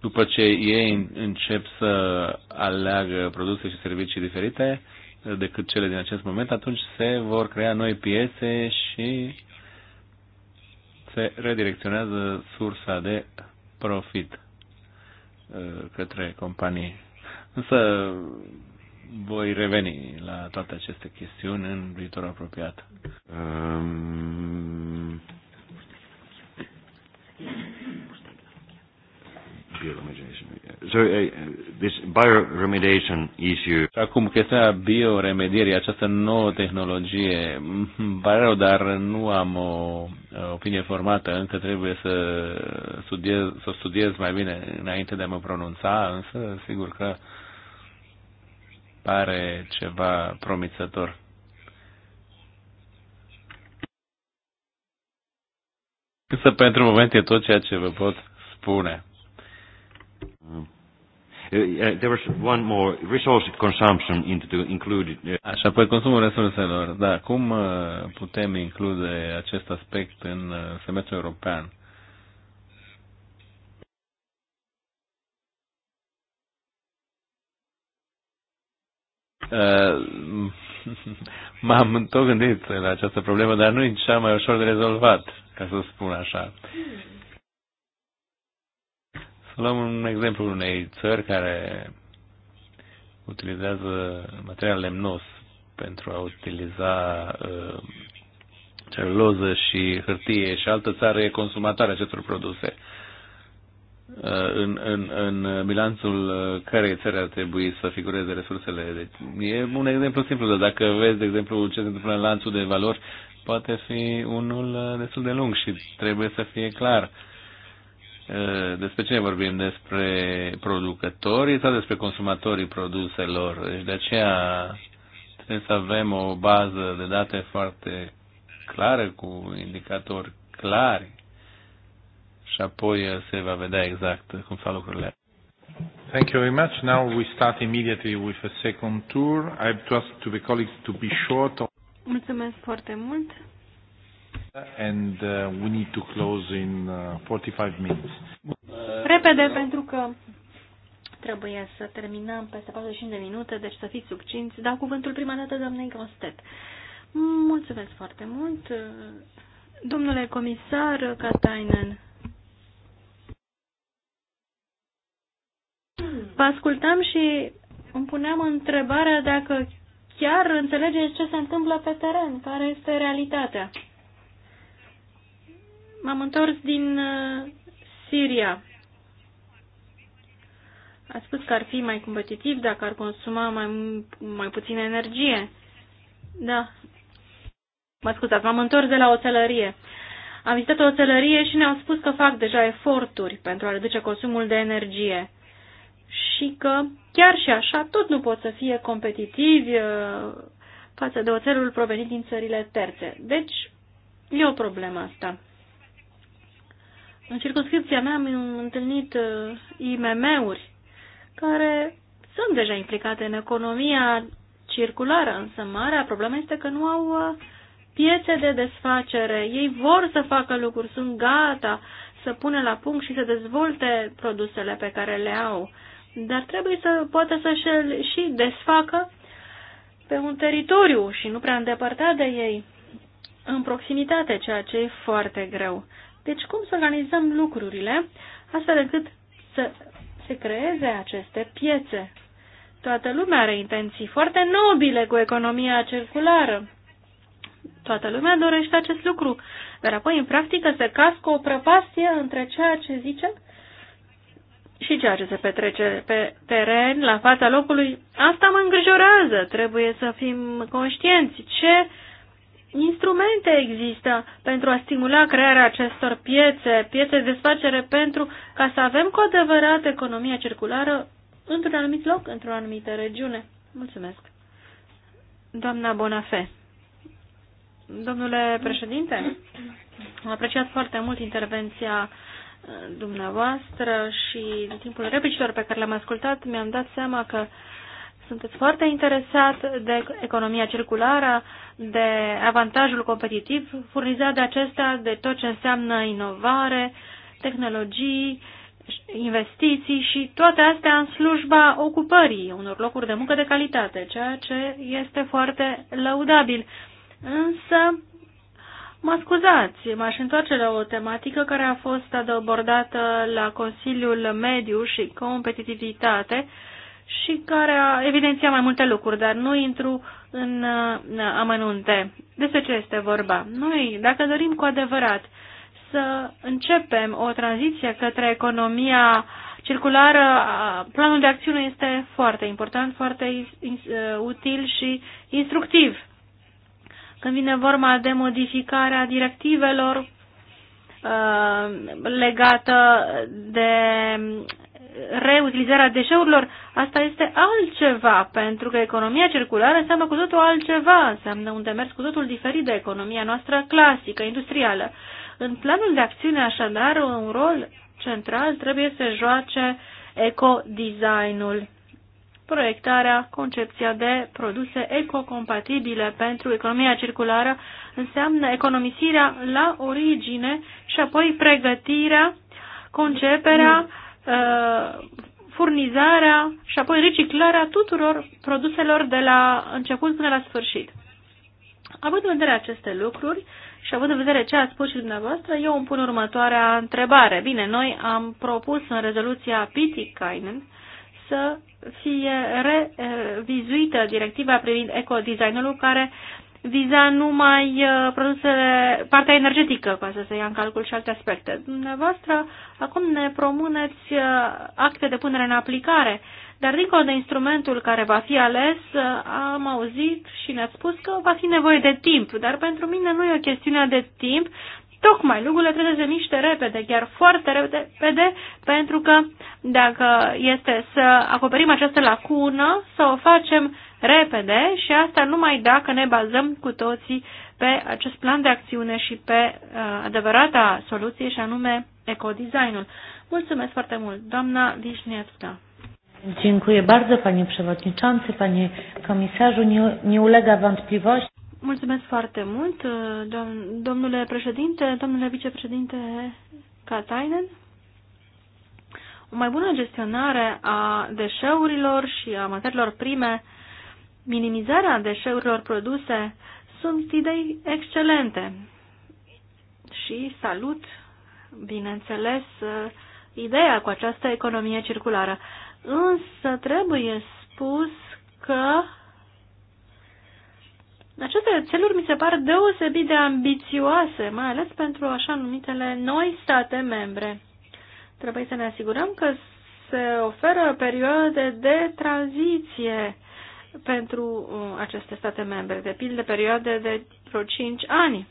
După ce ei încep să aleagă produse și servicii diferite decât cele din acest moment, atunci se vor crea noi piețe și se redirecționează sursa de profit uh, către companii. Însă voi reveni la toate aceste chestiuni în viitor apropiat. Um... So, uh, this bioremediation issue. Acum, chestia bioremedierii, această nouă tehnologie, pare rău, dar nu am o opinie formată, încă trebuie să studiez, să studiez mai bine înainte de a mă pronunța, însă sigur că pare ceva promițător. să pentru moment e tot ceea ce vă pot spune. Uh, uh, there was one more resource consumption into included. Uh, Așa, pe păi, consumul resurselor. Da, cum putem include acest aspect în semestrul european? Uh, [laughs] m-am tot gândit la această problemă, dar nu e cea mai ușor de rezolvat, ca să spun așa. Să luăm un exemplu unei țări care utilizează material lemnos pentru a utiliza uh, celuloză și hârtie și altă țară e consumatoare acestor produse. Uh, în, în, în uh, bilanțul uh, cărei țări ar trebui să figureze resursele. Deci, e un exemplu simplu, dar dacă vezi, de exemplu, ce se întâmplă în lanțul de valori, poate fi unul destul de lung și trebuie să fie clar despre cine vorbim, despre producătorii sau despre consumatorii produselor. Deci de aceea trebuie să avem o bază de date foarte clară, cu indicatori clari și apoi uh, se va vedea exact uh, cum stau lucrurile. Thank you very much. Now we start immediately with a second tour. I have to ask to the colleagues to be short. Mulțumesc foarte mult. And uh, we need to close in uh, 45 minutes. Repede, pentru că trebuie să terminăm peste 45 de minute, deci să fiți succinți. Dau cuvântul prima dată doamnei Grostet. Mulțumesc foarte mult. Domnule comisar Katainen, Vă ascultam și îmi puneam întrebarea dacă chiar înțelegeți ce se întâmplă pe teren, care este realitatea. M-am întors din uh, Siria. A spus că ar fi mai competitiv dacă ar consuma mai, mai puțină energie. Da. Mă scuzați, m-am întors de la oțelărie. Am vizitat o oțelărie și ne-au spus că fac deja eforturi pentru a reduce consumul de energie și că chiar și așa tot nu pot să fie competitivi uh, față de oțelul provenit din țările terțe. Deci, e o problemă asta. În circunscripția mea am întâlnit uh, IMM-uri care sunt deja implicate în economia circulară, însă marea problemă este că nu au uh, piețe de desfacere. Ei vor să facă lucruri, sunt gata să pună la punct și să dezvolte produsele pe care le au dar trebuie să poată să-și și desfacă pe un teritoriu și nu prea îndepărtat de ei, în proximitate, ceea ce e foarte greu. Deci cum să organizăm lucrurile astfel încât să se creeze aceste piețe? Toată lumea are intenții foarte nobile cu economia circulară. Toată lumea dorește acest lucru, dar apoi în practică se cască o prăpastie între ceea ce zicem și ceea ce se petrece pe teren, la fața locului, asta mă îngrijorează. Trebuie să fim conștienți ce instrumente există pentru a stimula crearea acestor piețe, piețe de desfacere pentru ca să avem cu adevărat economia circulară într-un anumit loc, într-o anumită regiune. Mulțumesc. Doamna Bonafe. Domnule președinte, am apreciat foarte mult intervenția dumneavoastră și din timpul replicilor pe care le-am ascultat, mi-am dat seama că sunteți foarte interesat de economia circulară, de avantajul competitiv furnizat de acesta, de tot ce înseamnă inovare, tehnologii, investiții și toate astea în slujba ocupării unor locuri de muncă de calitate, ceea ce este foarte laudabil. Însă, Mă scuzați, m-aș întoarce la o tematică care a fost abordată la Consiliul Mediu și Competitivitate și care a evidențiat mai multe lucruri, dar nu intru în amănunte. Despre ce este vorba? Noi, dacă dorim cu adevărat să începem o tranziție către economia circulară, planul de acțiune este foarte important, foarte uh, util și instructiv când vine vorba de modificarea directivelor uh, legată de reutilizarea deșeurilor, asta este altceva, pentru că economia circulară înseamnă cu totul altceva, înseamnă un demers cu totul diferit de economia noastră clasică, industrială. În planul de acțiune, așadar, un rol central trebuie să joace eco-designul proiectarea, concepția de produse ecocompatibile pentru economia circulară înseamnă economisirea la origine și apoi pregătirea, conceperea, uh, furnizarea și apoi reciclarea tuturor produselor de la început până la sfârșit. Având în vedere aceste lucruri și având în vedere ce a spus și dumneavoastră, eu îmi pun următoarea întrebare. Bine, noi am propus în rezoluția Pitikainen uh, să fie revizuită directiva privind ecodesignul care viza numai uh, produsele, partea energetică, ca să se ia în calcul și alte aspecte. Dumneavoastră, acum ne promuneți uh, acte de punere în aplicare, dar dincolo de instrumentul care va fi ales, uh, am auzit și ne-ați spus că va fi nevoie de timp, dar pentru mine nu e o chestiune de timp, Tocmai lucrurile trebuie să se miște repede, chiar foarte repede, pentru că dacă este să acoperim această lacună, să o facem repede și asta numai dacă ne bazăm cu toții pe acest plan de acțiune și pe uh, adevărata soluție și anume ecodesignul. Mulțumesc foarte mult, doamna Vișniewska. Dziękuję bardzo, panie przewodniczący, panie komisarzu. Nie, nie ulega wątpliwości. Mulțumesc foarte mult, uh, domnule președinte, domnule vicepreședinte Katainen. O mai bună gestionare a deșeurilor și a materiilor prime, minimizarea deșeurilor produse, sunt idei excelente și salut, bineînțeles, uh, ideea cu această economie circulară. Însă trebuie spus că aceste țeluri mi se par deosebit de ambițioase, mai ales pentru așa numitele noi state membre. Trebuie să ne asigurăm că se oferă perioade de tranziție pentru uh, aceste state membre, de pildă perioade de vreo 5 ani.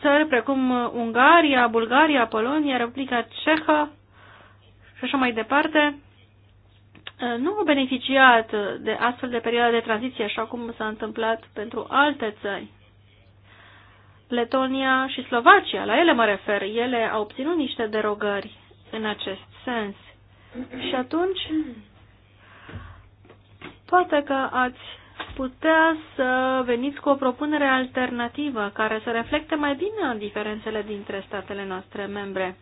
Țări precum uh, Ungaria, Bulgaria, Polonia, Republica Cehă și așa mai departe Eh, nu au beneficiat de astfel de perioade de tranziție, așa cum s-a întâmplat pentru alte țări. Letonia și Slovacia, la ele mă refer, ele au obținut niște derogări în acest sens. Și atunci, poate că ați putea să veniți cu o propunere alternativă care să reflecte mai bine diferențele dintre statele noastre membre.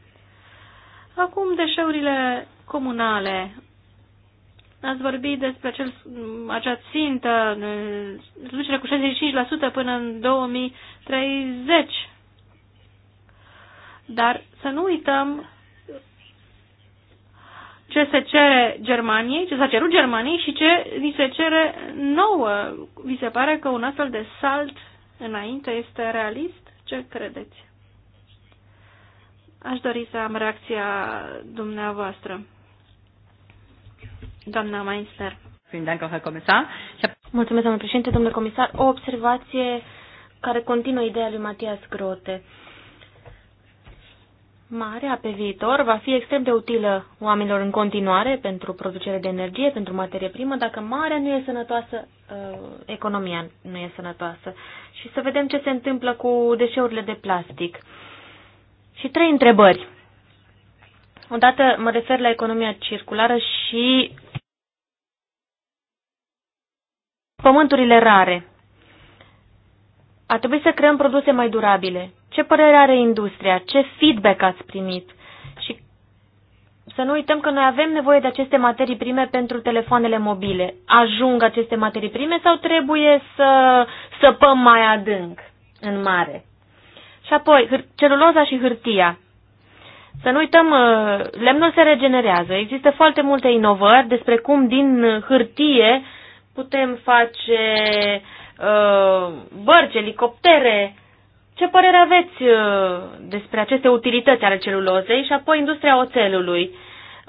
Acum, deșeurile comunale, Ați vorbit despre acel, acea țintă, reducere cu 65% până în 2030. Dar să nu uităm ce se cere Germaniei, ce s-a cerut Germaniei și ce vi se cere nouă. Vi se pare că un astfel de salt înainte este realist? Ce credeți? Aș dori să am reacția dumneavoastră. Doamna Mainster. Mulțumesc, domnule președinte, domnule comisar. O observație care continuă ideea lui Matias Grote. Marea pe viitor va fi extrem de utilă oamenilor în continuare pentru producere de energie, pentru materie primă, dacă marea nu e sănătoasă, uh, economia nu e sănătoasă. Și să vedem ce se întâmplă cu deșeurile de plastic. Și trei întrebări. Odată mă refer la economia circulară și pământurile rare. A trebuit să creăm produse mai durabile. Ce părere are industria? Ce feedback ați primit? Și să nu uităm că noi avem nevoie de aceste materii prime pentru telefoanele mobile. Ajung aceste materii prime sau trebuie să săpăm mai adânc în mare? Și apoi, celuloza și hârtia. Să nu uităm, uh, lemnul se regenerează. Există foarte multe inovări despre cum din hârtie putem face uh, bărci, elicoptere. Ce părere aveți uh, despre aceste utilități ale celulozei și apoi industria oțelului?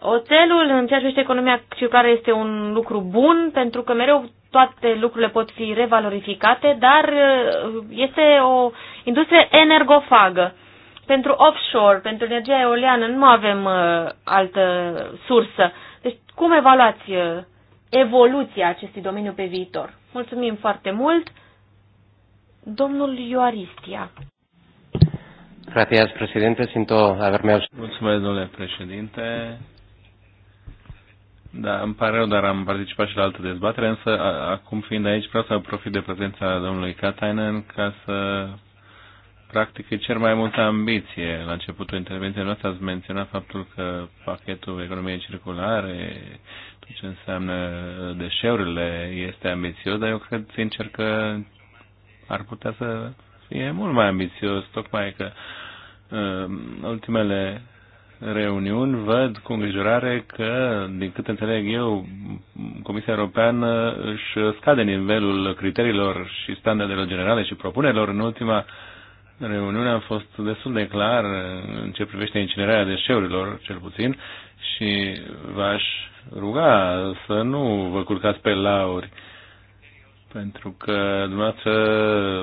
Oțelul, în ceea ce este economia circulară, este un lucru bun pentru că mereu toate lucrurile pot fi revalorificate, dar uh, este o industrie energofagă. Pentru offshore, pentru energia eoliană, nu avem uh, altă sursă. Deci, cum evaluați uh, evoluția acestui domeniu pe viitor. Mulțumim foarte mult! Domnul Ioaristia. Gracias, presidente. Sinto haberme Mulțumesc, domnule președinte. Da, îmi pare rău, dar am participat și la altă dezbatere, însă a, acum fiind aici vreau să profit de prezența domnului Katainen ca să practic îi cer mai multă ambiție. La începutul intervenției noastre ați menționat faptul că pachetul economiei circulare ce înseamnă uh, deșeurile este ambițios, dar eu cred sincer că ar putea să fie mult mai ambițios, tocmai că uh, ultimele reuniuni văd cu îngrijorare că, din cât înțeleg eu, Comisia Europeană își scade nivelul criteriilor și standardelor generale și propunerilor. În ultima reuniune a fost destul de clar uh, în ce privește incinerarea deșeurilor, cel puțin, și v-aș ruga să nu vă culcați pe lauri, pentru că dumneavoastră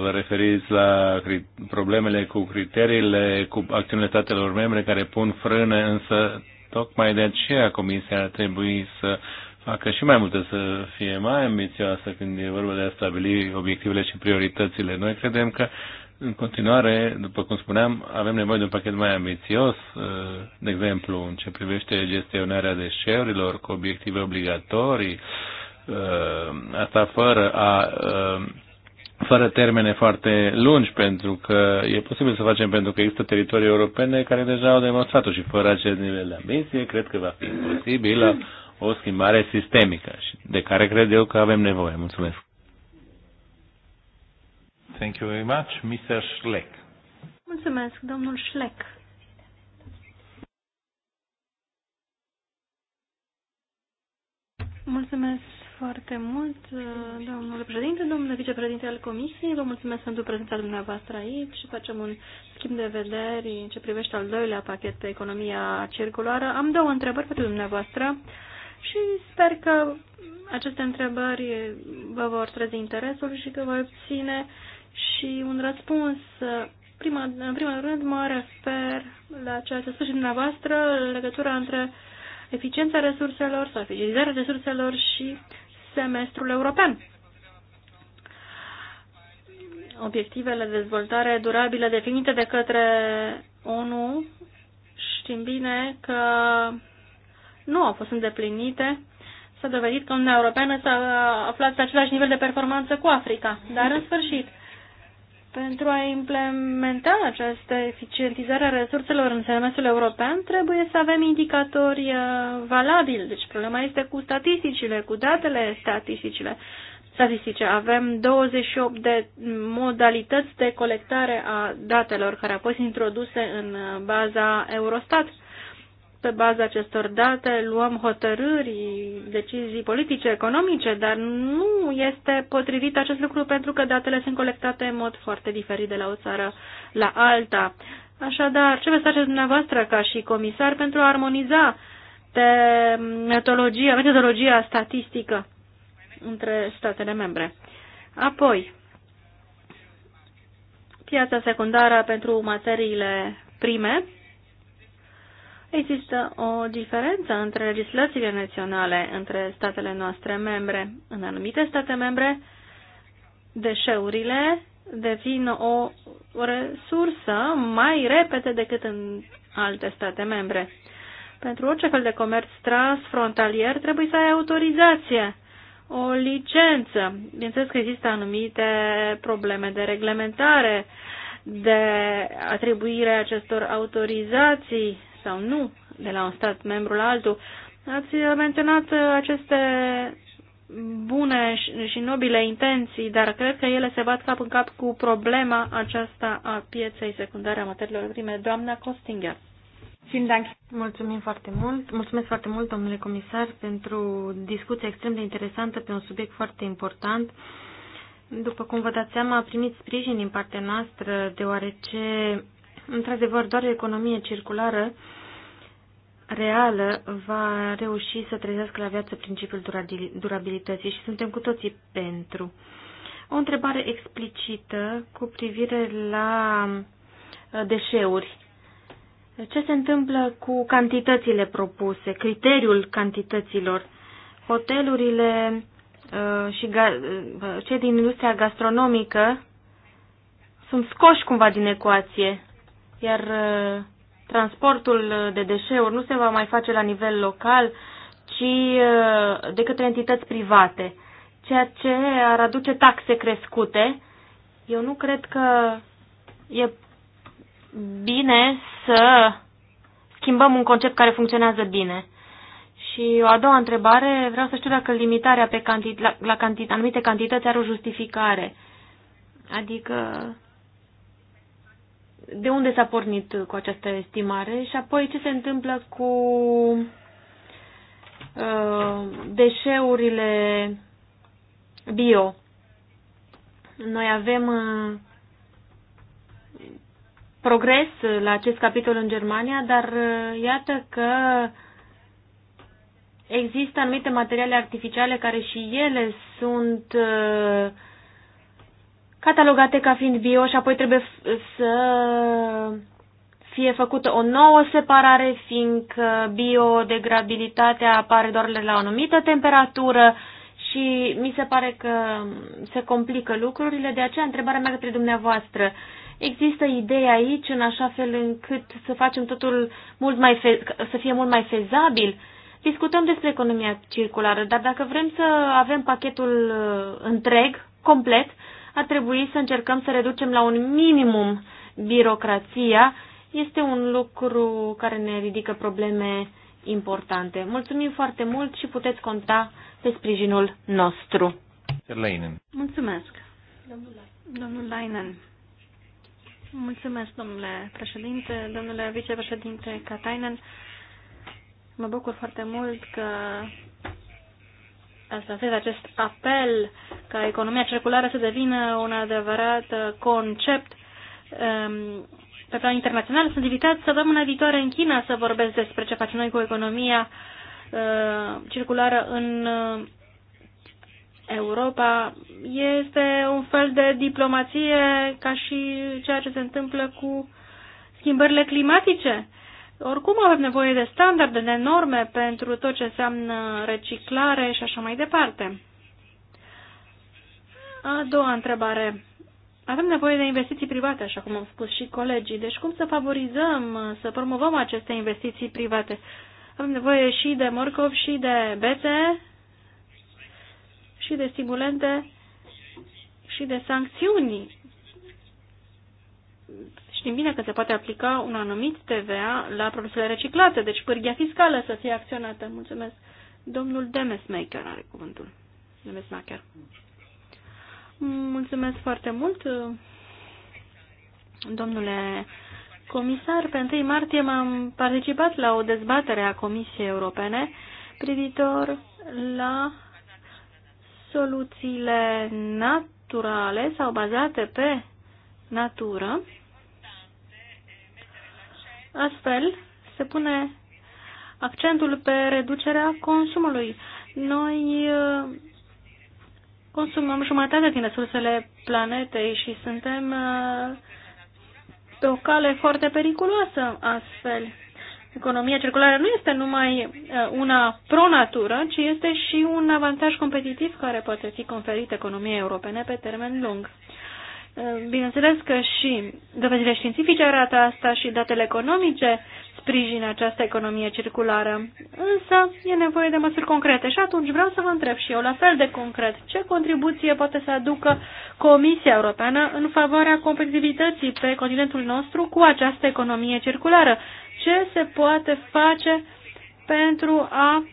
vă referiți la problemele cu criteriile, cu acțiunile statelor membre care pun frâne, însă tocmai de aceea Comisia ar trebui să facă și mai multe, să fie mai ambițioasă când e vorba de a stabili obiectivele și prioritățile. Noi credem că uh, în continuare, după cum spuneam, avem nevoie de un pachet mai ambițios, ă, de exemplu, în ce privește gestionarea deșeurilor cu obiective obligatorii, ă, asta fără a ă, fără termene foarte lungi, pentru că e posibil să facem pentru că există teritorii europene care deja au demonstrat și fără acest nivel de ambiție, cred că va fi posibilă o schimbare sistemică și de care cred eu că avem nevoie. Mulțumesc! Thank you very much. Mr. Schleck. Mulțumesc, domnul Schleck. Mulțumesc foarte mult, domnule președinte, domnule vicepreședinte al Comisiei. Vă mulțumesc pentru prezența dumneavoastră aici și facem un schimb de vederi în ce privește al doilea pachet pe economia circulară. Am două întrebări pentru dumneavoastră și sper că aceste întrebări vă vor trezi interesul și că vă obține și un răspuns. Prima, în primul rând mă refer la ceea ce a spus și dumneavoastră, legătura între eficiența resurselor sau eficientizarea resurselor și semestrul european. Obiectivele de dezvoltare durabilă definite de către ONU știm bine că nu au fost îndeplinite. S-a dovedit că Uniunea Europeană s-a aflat pe același nivel de performanță cu Africa, dar în sfârșit pentru a implementa această eficientizare a resurselor în semestrul european, trebuie să avem indicatori uh, valabili. Deci problema este cu statisticile, cu datele statisticile. Statistice. Avem 28 de modalități de colectare a datelor care au fost introduse în uh, baza Eurostat pe baza acestor date luăm hotărâri, decizii politice, economice, dar nu este potrivit acest lucru pentru că datele sunt colectate în mod foarte diferit de la o țară la alta. Așadar, ce veți face dumneavoastră ca și comisar pentru a armoniza metodologia, metodologia statistică între statele membre? Apoi, piața secundară pentru materiile prime Există o diferență între legislațiile naționale, între statele noastre membre. În anumite state membre, deșeurile devin o resursă mai repede decât în alte state membre. Pentru orice fel de comerț transfrontalier trebuie să ai autorizație, o licență. Bineînțeles că există anumite probleme de reglementare, de atribuire acestor autorizații sau nu de la un stat membru la altul. Ați menționat aceste bune și nobile intenții, dar cred că ele se bat cap în cap cu problema aceasta a pieței secundare a materiilor prime. Doamna Costinger. Mulțumim foarte mult. Mulțumesc foarte mult, domnule comisar, pentru discuția extrem de interesantă pe un subiect foarte important. După cum vă dați seama, a primit sprijin din partea noastră, deoarece, într-adevăr, doar economie circulară reală va reuși să trezească la viață principiul durabilității și suntem cu toții pentru. O întrebare explicită cu privire la uh, deșeuri. Ce se întâmplă cu cantitățile propuse, criteriul cantităților? Hotelurile uh, și uh, cei din industria gastronomică sunt scoși cumva din ecuație, iar transportul de deșeuri nu se va mai face la nivel local, ci uh, de către entități private, ceea ce ar aduce taxe crescute. Eu nu cred că e bine să schimbăm un concept care funcționează bine. Și o a doua întrebare, vreau să știu dacă limitarea pe cantit- la, la cantit- anumite cantități are o justificare. Adică de unde s-a pornit cu această estimare și apoi ce se întâmplă cu uh, deșeurile bio. Noi avem uh, progres la acest capitol în Germania, dar uh, iată că există anumite materiale artificiale care și ele sunt uh, catalogate ca fiind bio și apoi trebuie să fie făcută o nouă separare, fiindcă biodegradabilitatea apare doar la o anumită temperatură și mi se pare că se complică lucrurile. De aceea, întrebarea mea către dumneavoastră, există idei aici în așa fel încât să facem totul mult mai fe- să fie mult mai fezabil? Discutăm despre economia circulară, dar dacă vrem să avem pachetul uh, întreg, complet, ar trebui să încercăm să reducem la un minimum birocrația. Este un lucru care ne ridică probleme importante. Mulțumim foarte mult și puteți conta pe sprijinul nostru. Leinen. Mulțumesc. Domnul Leinen. Mulțumesc, domnule președinte, domnule vicepreședinte Katainen. Mă bucur foarte mult că lansez acest apel ca economia circulară să devină un adevărat uh, concept um, pe plan internațional. Sunt invitat săptămâna viitoare în China să vorbesc despre ce facem noi cu economia uh, circulară în uh, Europa. Este un fel de diplomație ca și ceea ce se întâmplă cu schimbările climatice. Oricum avem nevoie de standarde, de norme pentru tot ce înseamnă reciclare și așa mai departe. A doua întrebare. Avem nevoie de investiții private, așa cum au spus și colegii. Deci cum să favorizăm, să promovăm aceste investiții private? Avem nevoie și de morcov, și de bete, și de stimulente, și de sancțiuni Știm bine că se poate aplica un anumit TVA la produsele reciclate, deci pârghia fiscală să fie acționată. Mulțumesc. Domnul Demesmaker are cuvântul. Demesmaker. Mulțumesc foarte mult, domnule comisar. Pe 1 martie m-am participat la o dezbatere a Comisiei Europene privitor la soluțiile naturale sau bazate pe natură Astfel, se pune accentul pe reducerea consumului. Noi uh, consumăm jumătate din resursele planetei și suntem uh, pe o cale foarte periculoasă astfel. Economia circulară nu este numai uh, una pro-natură, ci este și un avantaj competitiv care poate fi conferit economiei europene pe termen lung. Bineînțeles că și dovezile științifice arată asta și datele economice sprijină această economie circulară, însă e nevoie de măsuri concrete și atunci vreau să vă întreb și eu la fel de concret ce contribuție poate să aducă Comisia Europeană în favoarea competitivității pe continentul nostru cu această economie circulară? Ce se poate face pentru a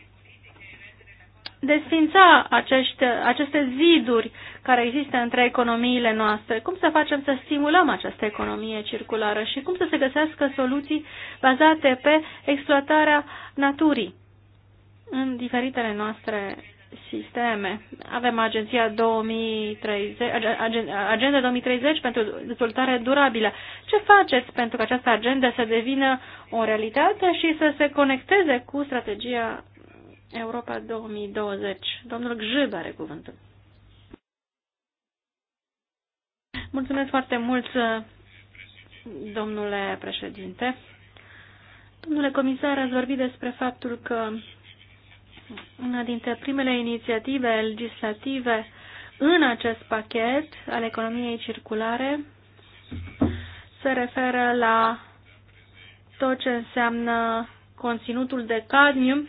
desfința acești, aceste ziduri care există între economiile noastre? Cum să facem să stimulăm această economie circulară și cum să se găsească soluții bazate pe exploatarea naturii în diferitele noastre sisteme? Avem Agenția 2030, Agenda 2030 pentru dezvoltare durabilă. Ce faceți pentru că această agenda să devină o realitate și să se conecteze cu strategia Europa 2020. Domnul Gjib are cuvântul. Mulțumesc foarte mult, domnule președinte. Domnule comisar, ați vorbit despre faptul că una dintre primele inițiative legislative în acest pachet al economiei circulare se referă la tot ce înseamnă conținutul de cadmium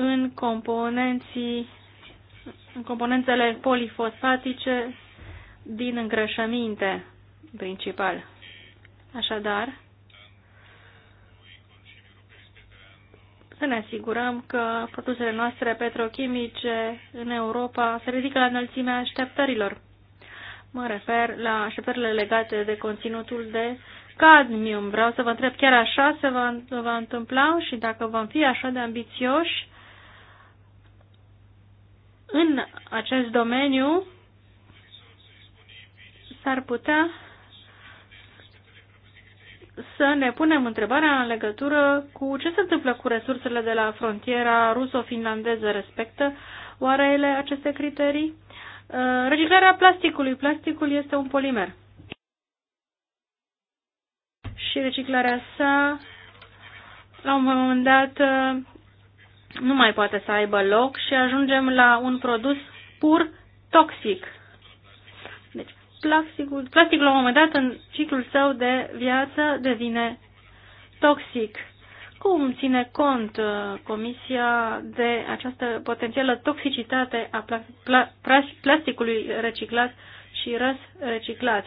în componenții în componentele polifosfatice din îngrășăminte principal. Așadar, să ne asigurăm că produsele noastre petrochimice în Europa se ridică la înălțimea așteptărilor. Mă refer la așteptările legate de conținutul de cadmium. Vreau să vă întreb chiar așa se va, va întâmpla și dacă vom fi așa de ambițioși în acest domeniu s-ar putea să ne punem întrebarea în legătură cu ce se întâmplă cu resursele de la frontiera ruso-finlandeză respectă oare ele aceste criterii? Uh, reciclarea plasticului. Plasticul este un polimer. Și reciclarea sa, la un moment dat, uh, nu mai poate să aibă loc și ajungem la un produs pur toxic. Deci, plasticul, plasticul la un moment dat în ciclul său de viață devine toxic. Cum ține cont uh, Comisia de această potențială toxicitate a plasticului reciclat și răs reciclat?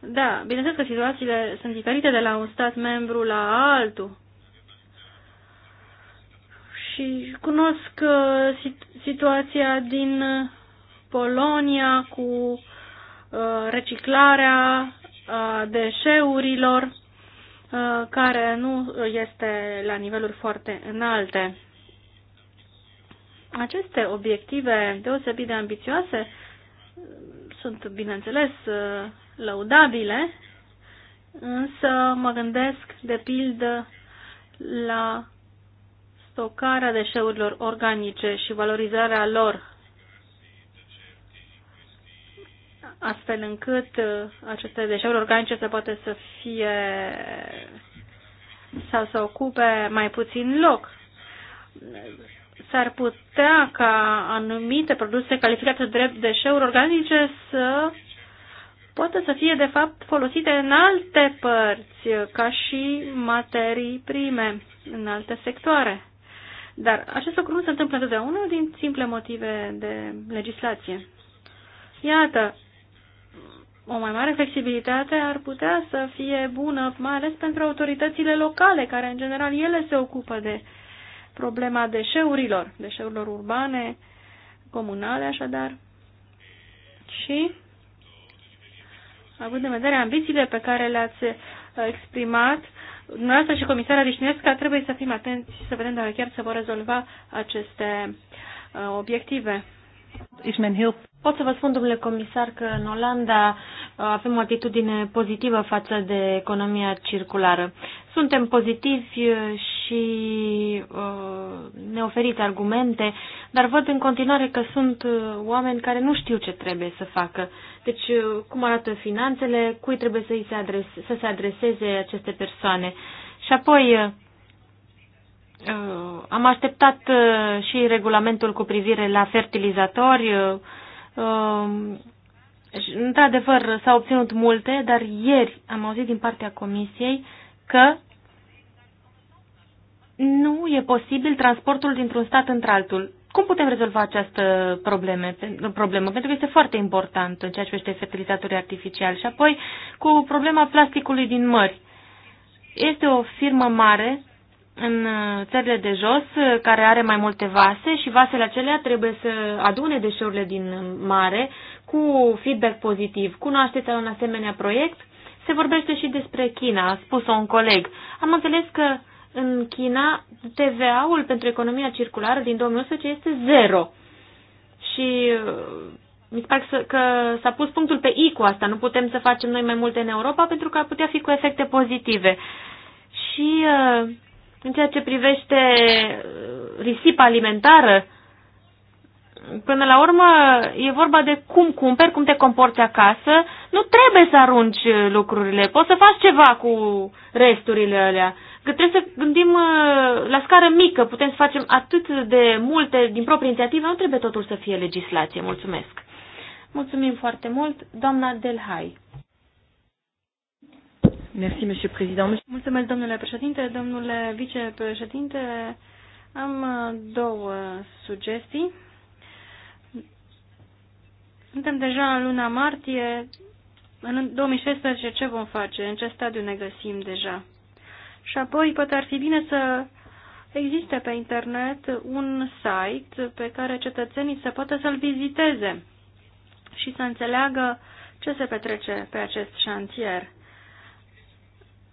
Da, bineînțeles că situațiile sunt diferite de la un stat membru la altul și cunosc uh, situația din uh, Polonia cu uh, reciclarea deșeurilor care nu este la niveluri foarte înalte. Aceste obiective deosebit de ambițioase sunt, bineînțeles, lăudabile, însă mă gândesc, de pildă, la stocarea deșeurilor organice și valorizarea lor, astfel încât uh, aceste deșeuri organice să poate să fie sau să ocupe mai puțin loc. S-ar putea ca anumite produse calificate drept deșeuri organice să poată să fie de fapt folosite în alte părți, ca și materii prime, în alte sectoare. Dar acest lucru nu se întâmplă totdeauna din simple motive de legislație. Iată, o mai mare flexibilitate ar putea să fie bună, mai ales pentru autoritățile locale, care în general ele se ocupă de problema deșeurilor, deșeurilor urbane, comunale așadar. Și, având în vedere ambițiile pe care le-ați uh, exprimat, dumneavoastră și comisarea Vișnevska trebuie să fim atenți și să vedem dacă chiar se vor rezolva aceste uh, obiective. Pot să vă spun, domnule comisar, că în Olanda uh, avem o atitudine pozitivă față de economia circulară. Suntem pozitivi uh, și uh, ne oferiți argumente, dar văd în continuare că sunt oameni care nu știu ce trebuie să facă. Deci, cum arată finanțele, cui trebuie să, se, adrese, să se adreseze aceste persoane. Și apoi, Uh, am așteptat uh, și regulamentul cu privire la fertilizatori. Uh, um, într-adevăr, s-au obținut multe, dar ieri am auzit din partea Comisiei că nu e posibil transportul dintr-un stat într-altul. Cum putem rezolva această problemă? Pentru că este foarte important în ceea ce privește fertilizatorii artificiali. Și apoi cu problema plasticului din mări. Este o firmă mare în uh, țările de jos, uh, care are mai multe vase și vasele acelea trebuie să adune deșeurile din mare cu feedback pozitiv. Cunoașteți un asemenea proiect? Se vorbește și despre China, a spus-o un coleg. Am înțeles că în China TVA-ul pentru economia circulară din 2011 este zero. Și uh, mi se pare că s-a pus punctul pe I cu asta. Nu putem să facem noi mai multe în Europa pentru că ar putea fi cu efecte pozitive. Și uh, în ceea ce privește uh, risipa alimentară, până la urmă e vorba de cum cumperi, cum te comporți acasă. Nu trebuie să arunci uh, lucrurile, poți să faci ceva cu resturile alea. Că trebuie să gândim uh, la scară mică, putem să facem atât de multe din proprie inițiativă, nu trebuie totul să fie legislație. Mulțumesc! Mulțumim foarte mult, doamna Delhai. Merci, Monsieur Président. Mulțumesc, domnule președinte. Domnule vicepreședinte, am uh, două sugestii. Suntem deja în luna martie. În 2016 ce vom face? În ce stadiu ne găsim deja? Și apoi poate ar fi bine să existe pe internet un site pe care cetățenii să poată să-l viziteze și să înțeleagă ce se petrece pe acest șantier.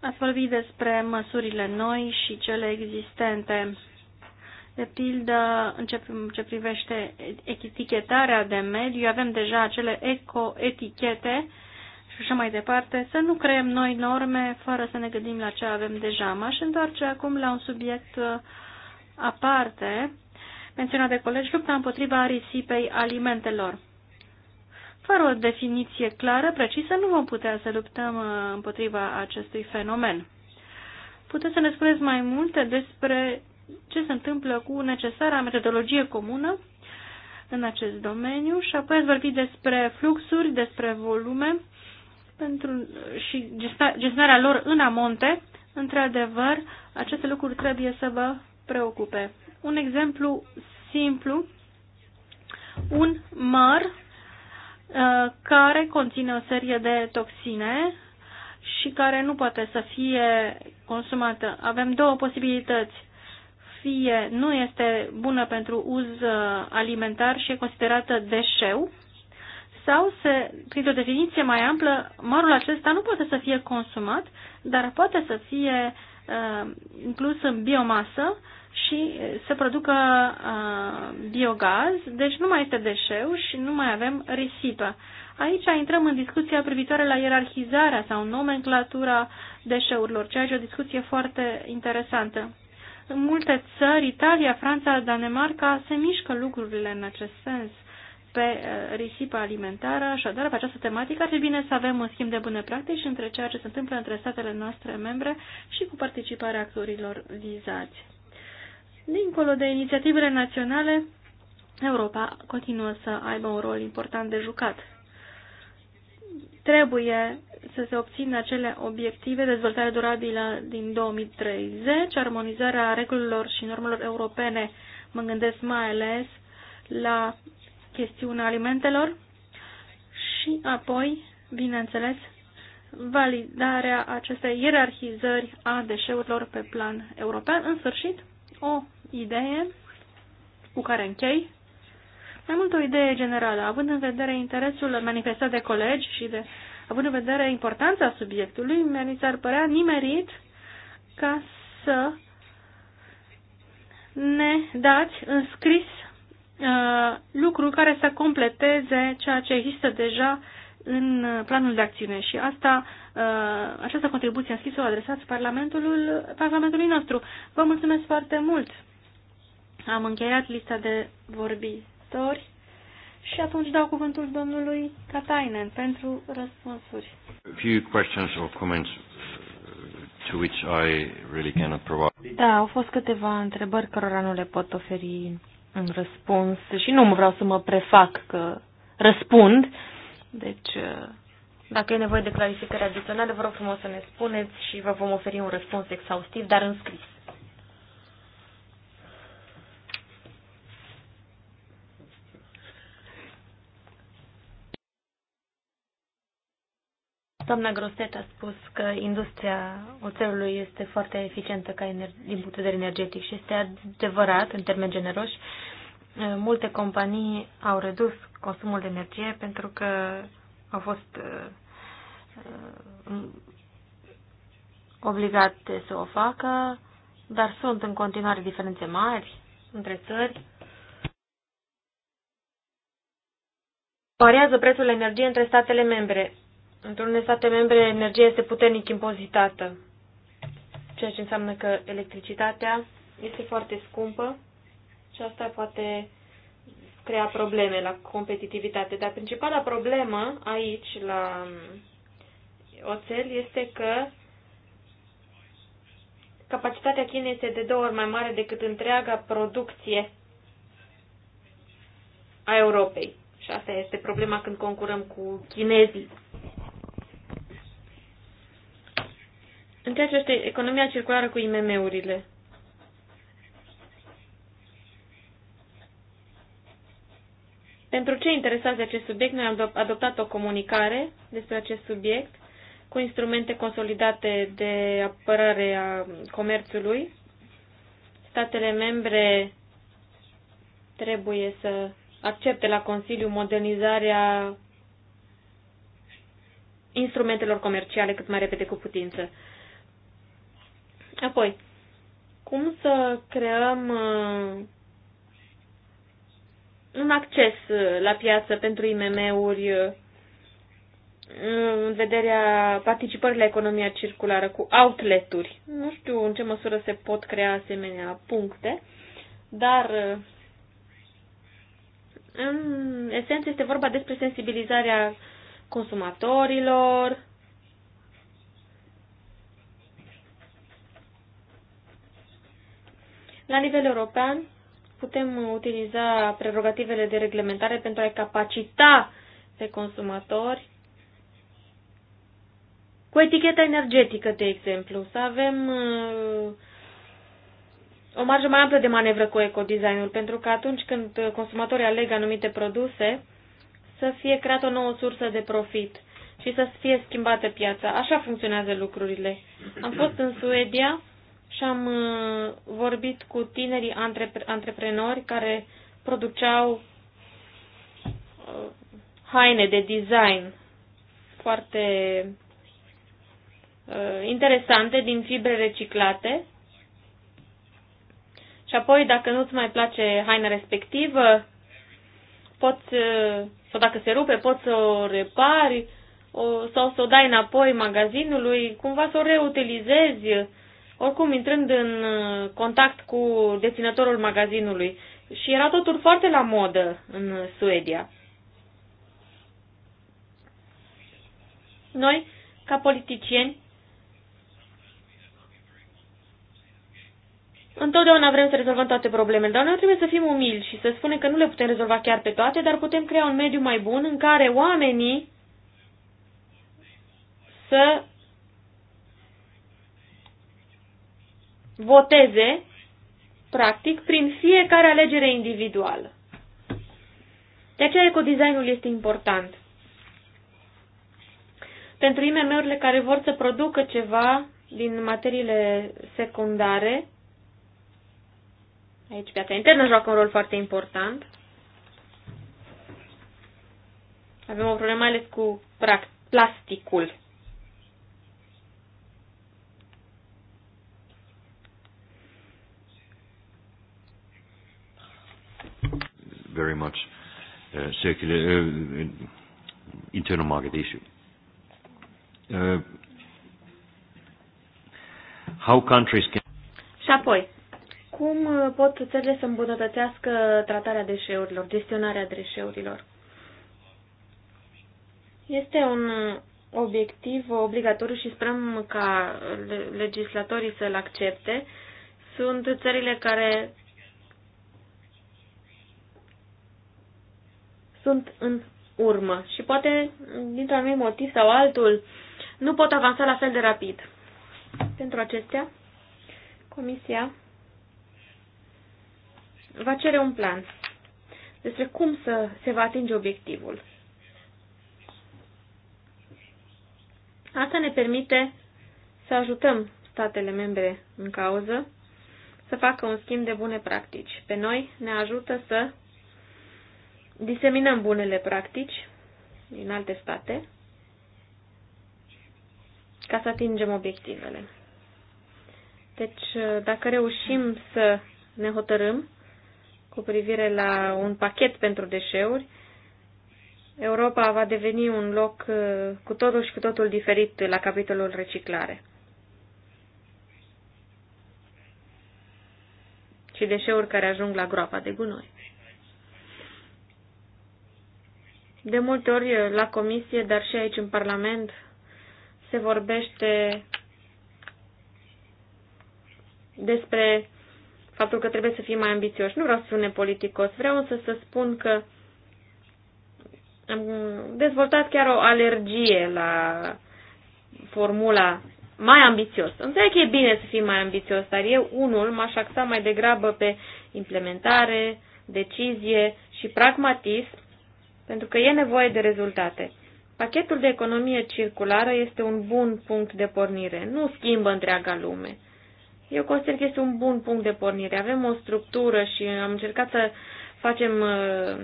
Ați vorbit despre măsurile noi și cele existente. De pildă, în ce, ce privește etichetarea de mediu, avem deja acele eco-etichete și așa mai departe, să nu creăm noi norme fără să ne gândim la ce avem deja. M-aș întoarce acum la un subiect uh, aparte, menționat de colegi, lupta împotriva risipei alimentelor. Fără o definiție clară, precisă, nu vom putea să luptăm uh, împotriva acestui fenomen. Puteți să ne spuneți mai multe despre ce se întâmplă cu necesara metodologie comună în acest domeniu și apoi ați vorbit despre fluxuri, despre volume pentru, uh, și gestionarea lor în amonte. Într-adevăr, aceste lucruri trebuie să vă preocupe. Un exemplu simplu, un măr Uh, care conține o serie de toxine și care nu poate să fie consumată. Avem două posibilități. Fie nu este bună pentru uz uh, alimentar și e considerată deșeu, sau se, printr-o definiție mai amplă, marul acesta nu poate să fie consumat, dar poate să fie uh, inclus în biomasă și să producă uh, biogaz, deci nu mai este deșeu și nu mai avem risipă. Aici intrăm în discuția privitoare la ierarhizarea sau nomenclatura deșeurilor, ceea ce e o discuție foarte interesantă. În multe țări, Italia, Franța, Danemarca, se mișcă lucrurile în acest sens pe risipa alimentară, așadar pe această tematică ar fi bine să avem un schimb de bune practici între ceea ce se întâmplă între statele noastre membre și cu participarea actorilor vizați. Dincolo de inițiativele naționale, Europa continuă să aibă un rol important de jucat. Trebuie să se obțină acele obiective, dezvoltare durabilă din 2030, armonizarea regulilor și normelor europene, mă gândesc mai ales la chestiunea alimentelor și apoi, bineînțeles, validarea acestei ierarhizări a deșeurilor pe plan european. În sfârșit, o idee cu care închei. Mai mult o idee generală, având în vedere interesul manifestat de colegi și de, având în vedere importanța subiectului, mi s-ar părea nimerit ca să ne dați în scris uh, lucruri care să completeze ceea ce există deja în planul de acțiune și asta, uh, această contribuție în scris o adresați Parlamentului, Parlamentului nostru. Vă mulțumesc foarte mult! Am încheiat lista de vorbitori și atunci dau cuvântul domnului Katainen pentru răspunsuri. A few questions or comments uh, to which I really cannot provide. Da, au fost câteva întrebări cărora nu le pot oferi un răspuns și nu vreau să mă prefac că răspund. Deci, uh, dacă e nevoie de clarificări adiționale, vă rog frumos să ne spuneți și vă vom oferi un răspuns exhaustiv, dar în scris. Doamna Groset a spus că industria oțelului este foarte eficientă ca din punct de vedere energetic și este adevărat în termeni generoși. Eh, multe companii au redus consumul de energie pentru că au fost eh, eh, obligate să o facă, dar sunt în continuare diferențe mari între țări. Variază prețul energiei între statele membre Într-unele state membre, energia este puternic impozitată, ceea ce înseamnă că electricitatea este foarte scumpă și asta poate crea probleme la competitivitate. Dar principala problemă aici, la oțel, este că capacitatea Chinei este de două ori mai mare decât întreaga producție a Europei. Și asta este problema când concurăm cu chinezii. În ceea ce este economia circulară cu IMM-urile. Pentru cei interesați de acest subiect, noi am adoptat o comunicare despre acest subiect cu instrumente consolidate de apărare a comerțului. Statele membre trebuie să accepte la Consiliu modernizarea instrumentelor comerciale cât mai repede cu putință. Apoi, cum să creăm uh, un acces uh, la piață pentru IMM-uri uh, în vederea participării la economia circulară cu outlet-uri. Nu știu în ce măsură se pot crea asemenea puncte, dar în esență este vorba despre sensibilizarea consumatorilor, La nivel european, putem utiliza prerogativele de reglementare pentru a-i capacita pe consumatori cu eticheta energetică, de exemplu, să avem uh, o marjă mai amplă de manevră cu ecodesignul, pentru că atunci când consumatorii aleg anumite produse, să fie creată o nouă sursă de profit și să fie schimbată piața. Așa funcționează lucrurile. Am fost în Suedia și am uh, vorbit cu tinerii antrepre- antreprenori care produceau uh, haine de design foarte uh, interesante din fibre reciclate. Și apoi, dacă nu-ți mai place haina respectivă, poți, sau dacă se rupe, poți să o repari o, sau să o dai înapoi magazinului, cumva să o reutilizezi oricum intrând în uh, contact cu deținătorul magazinului. Și era totul foarte la modă în Suedia. Noi, ca politicieni, Întotdeauna vrem să rezolvăm toate problemele, dar noi trebuie să fim umili și să spunem că nu le putem rezolva chiar pe toate, dar putem crea un mediu mai bun în care oamenii să voteze, practic, prin fiecare alegere individuală. De aceea ecodesignul este important. Pentru IMM-urile care vor să producă ceva din materiile secundare, aici piața internă joacă un rol foarte important, avem o problemă ales cu plasticul. very much uh, circular uh, uh, internal market issue. Uh, how countries can... Și apoi, cum uh, pot țările să îmbunătățească tratarea deșeurilor, gestionarea deșeurilor? Este un obiectiv obligatoriu și sperăm ca legislatorii să-l accepte. Sunt țările care sunt în urmă și poate, dintr-un anumit motiv sau altul, nu pot avansa la fel de rapid. Pentru acestea, Comisia va cere un plan despre cum să se va atinge obiectivul. Asta ne permite să ajutăm statele membre în cauză să facă un schimb de bune practici. Pe noi ne ajută să diseminăm bunele practici din alte state ca să atingem obiectivele. Deci, dacă reușim să ne hotărâm cu privire la un pachet pentru deșeuri, Europa va deveni un loc uh, cu totul și cu totul diferit la capitolul reciclare. Și deșeuri care ajung la groapa de gunoi. De multe ori la comisie, dar și aici în Parlament, se vorbește despre faptul că trebuie să fim mai ambițioși. Nu vreau să sune politicos, vreau însă să spun că am dezvoltat chiar o alergie la formula mai ambițios. Înțeleg că e bine să fii mai ambițios, dar eu, unul, m-aș axa mai degrabă pe implementare, decizie și pragmatism pentru că e nevoie de rezultate. Pachetul de economie circulară este un bun punct de pornire, nu schimbă întreaga lume. Eu consider că este un bun punct de pornire. Avem o structură și am încercat să facem, uh,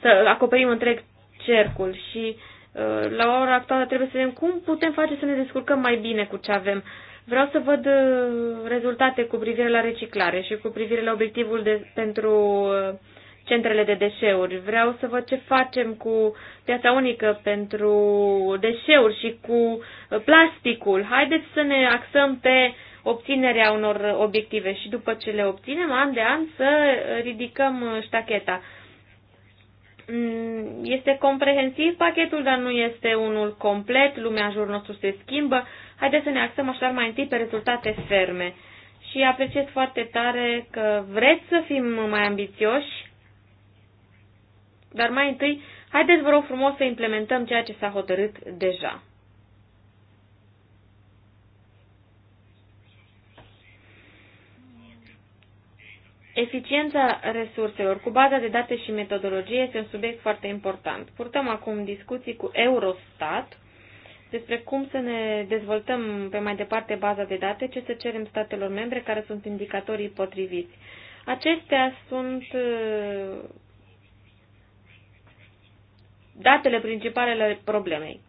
să acoperim întreg cercul și uh, la ora actuală trebuie să vedem cum putem face să ne descurcăm mai bine cu ce avem. Vreau să văd uh, rezultate cu privire la reciclare și cu privire la obiectivul de, pentru centrele de deșeuri. Vreau să văd ce facem cu piața unică pentru deșeuri și cu plasticul. Haideți să ne axăm pe obținerea unor obiective și după ce le obținem, an de an, să ridicăm ștacheta. Mm, este comprehensiv pachetul, dar nu este unul complet, lumea în jurul nostru se schimbă. Haideți să ne axăm așa mai întâi pe rezultate ferme. Și apreciez foarte tare că vreți să fim mai ambițioși dar mai întâi, haideți vă rog frumos să implementăm ceea ce s-a hotărât deja. Eficiența resurselor cu baza de date și metodologie este un subiect foarte important. Purtăm acum discuții cu Eurostat despre cum să ne dezvoltăm pe mai departe baza de date, ce să cerem statelor membre care sunt indicatorii potriviți. Acestea sunt datele principale ale problemei.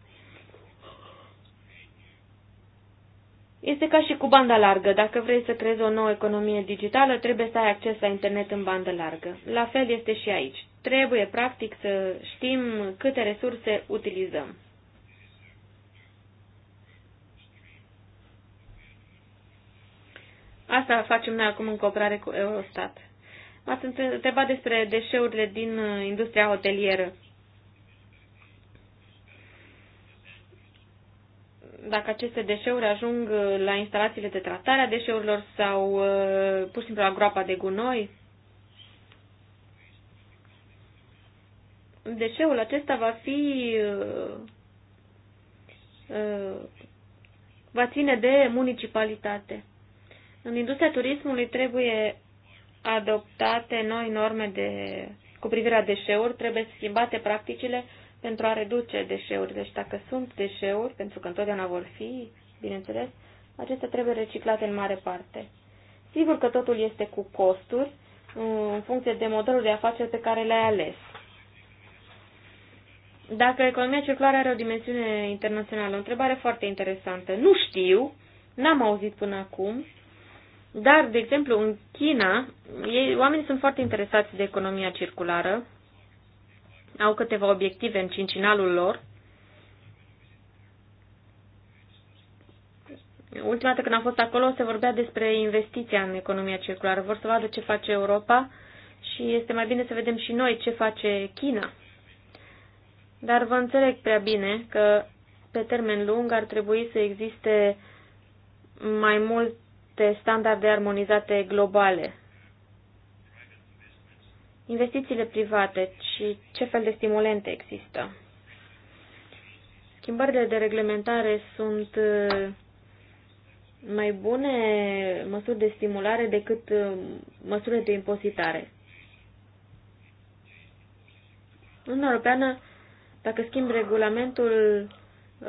Este ca și cu banda largă. Dacă vrei să creezi o nouă economie digitală, trebuie să ai acces la internet în bandă largă. La fel este și aici. Trebuie, practic, să știm câte resurse utilizăm. Asta facem noi acum în cooperare cu Eurostat. M-ați întrebat despre deșeurile din uh, industria hotelieră. dacă aceste deșeuri ajung uh, la instalațiile de tratare a deșeurilor sau uh, pur și simplu la groapa de gunoi. Deșeul acesta va fi uh, va ține de municipalitate. În industria turismului trebuie adoptate noi norme de, cu privire la deșeuri, trebuie schimbate practicile pentru a reduce deșeuri. Deci dacă sunt deșeuri, pentru că întotdeauna vor fi, bineînțeles, acestea trebuie reciclate în mare parte. Sigur că totul este cu costuri, în funcție de modelul de afaceri pe care le-ai ales. Dacă economia circulară are o dimensiune internațională, o întrebare foarte interesantă. Nu știu, n-am auzit până acum, dar, de exemplu, în China, ei, oamenii sunt foarte interesați de economia circulară, au câteva obiective în cincinalul lor. Ultima dată când am fost acolo se vorbea despre investiția în economia circulară. Vor să vadă ce face Europa și este mai bine să vedem și noi ce face China. Dar vă înțeleg prea bine că pe termen lung ar trebui să existe mai multe standarde armonizate globale investițiile private și ce fel de stimulente există. Schimbările de reglementare sunt uh, mai bune măsuri de stimulare decât uh, măsurile de impozitare. În Europeană, dacă schimbi regulamentul, uh,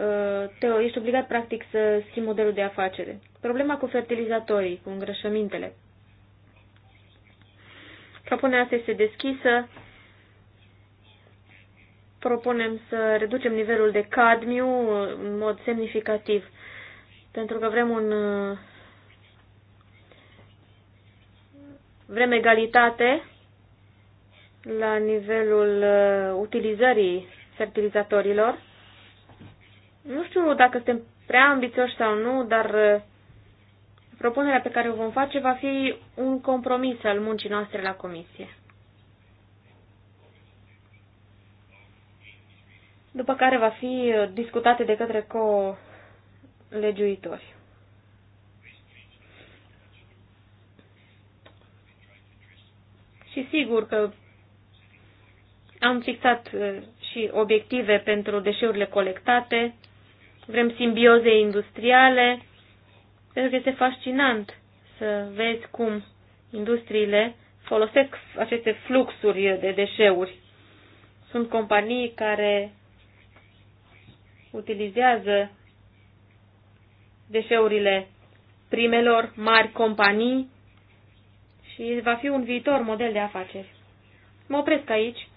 te, ești obligat practic să schimbi modelul de afacere. Problema cu fertilizatorii, cu îngrășămintele. Propunerea asta este deschisă. Propunem să reducem nivelul de cadmiu în mod semnificativ, pentru că vrem un uh, vrem egalitate la nivelul uh, utilizării fertilizatorilor. Nu știu dacă suntem prea ambițioși sau nu, dar uh, propunerea pe care o vom face va fi un compromis al muncii noastre la comisie. După care va fi discutate de către co-legiuitori. Și sigur că am fixat uh, și obiective pentru deșeurile colectate, vrem simbioze industriale, pentru că este fascinant să vezi cum industriile folosesc aceste fluxuri de deșeuri. Sunt companii care utilizează deșeurile primelor mari companii și va fi un viitor model de afaceri. Mă opresc aici,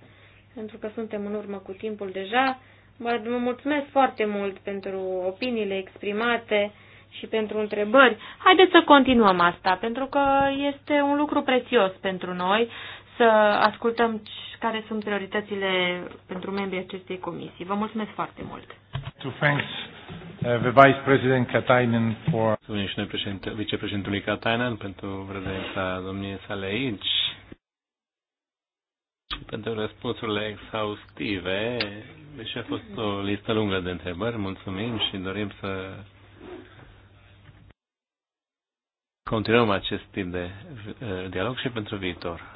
pentru că suntem în urmă cu timpul deja. Vă mulțumesc foarte mult pentru opiniile exprimate și pentru întrebări. Haideți să continuăm asta, pentru că este un lucru prețios pentru noi să ascultăm care sunt prioritățile pentru membrii acestei comisii. Vă mulțumesc foarte mult! Uh, mulțumesc thanks vicepreședintului Katainen pentru prezența domniei sale aici și pentru răspunsurile exhaustive. Deși a fost o listă lungă de întrebări. Mulțumim și dorim să continuăm acest timp de eh, dialog și pentru viitor.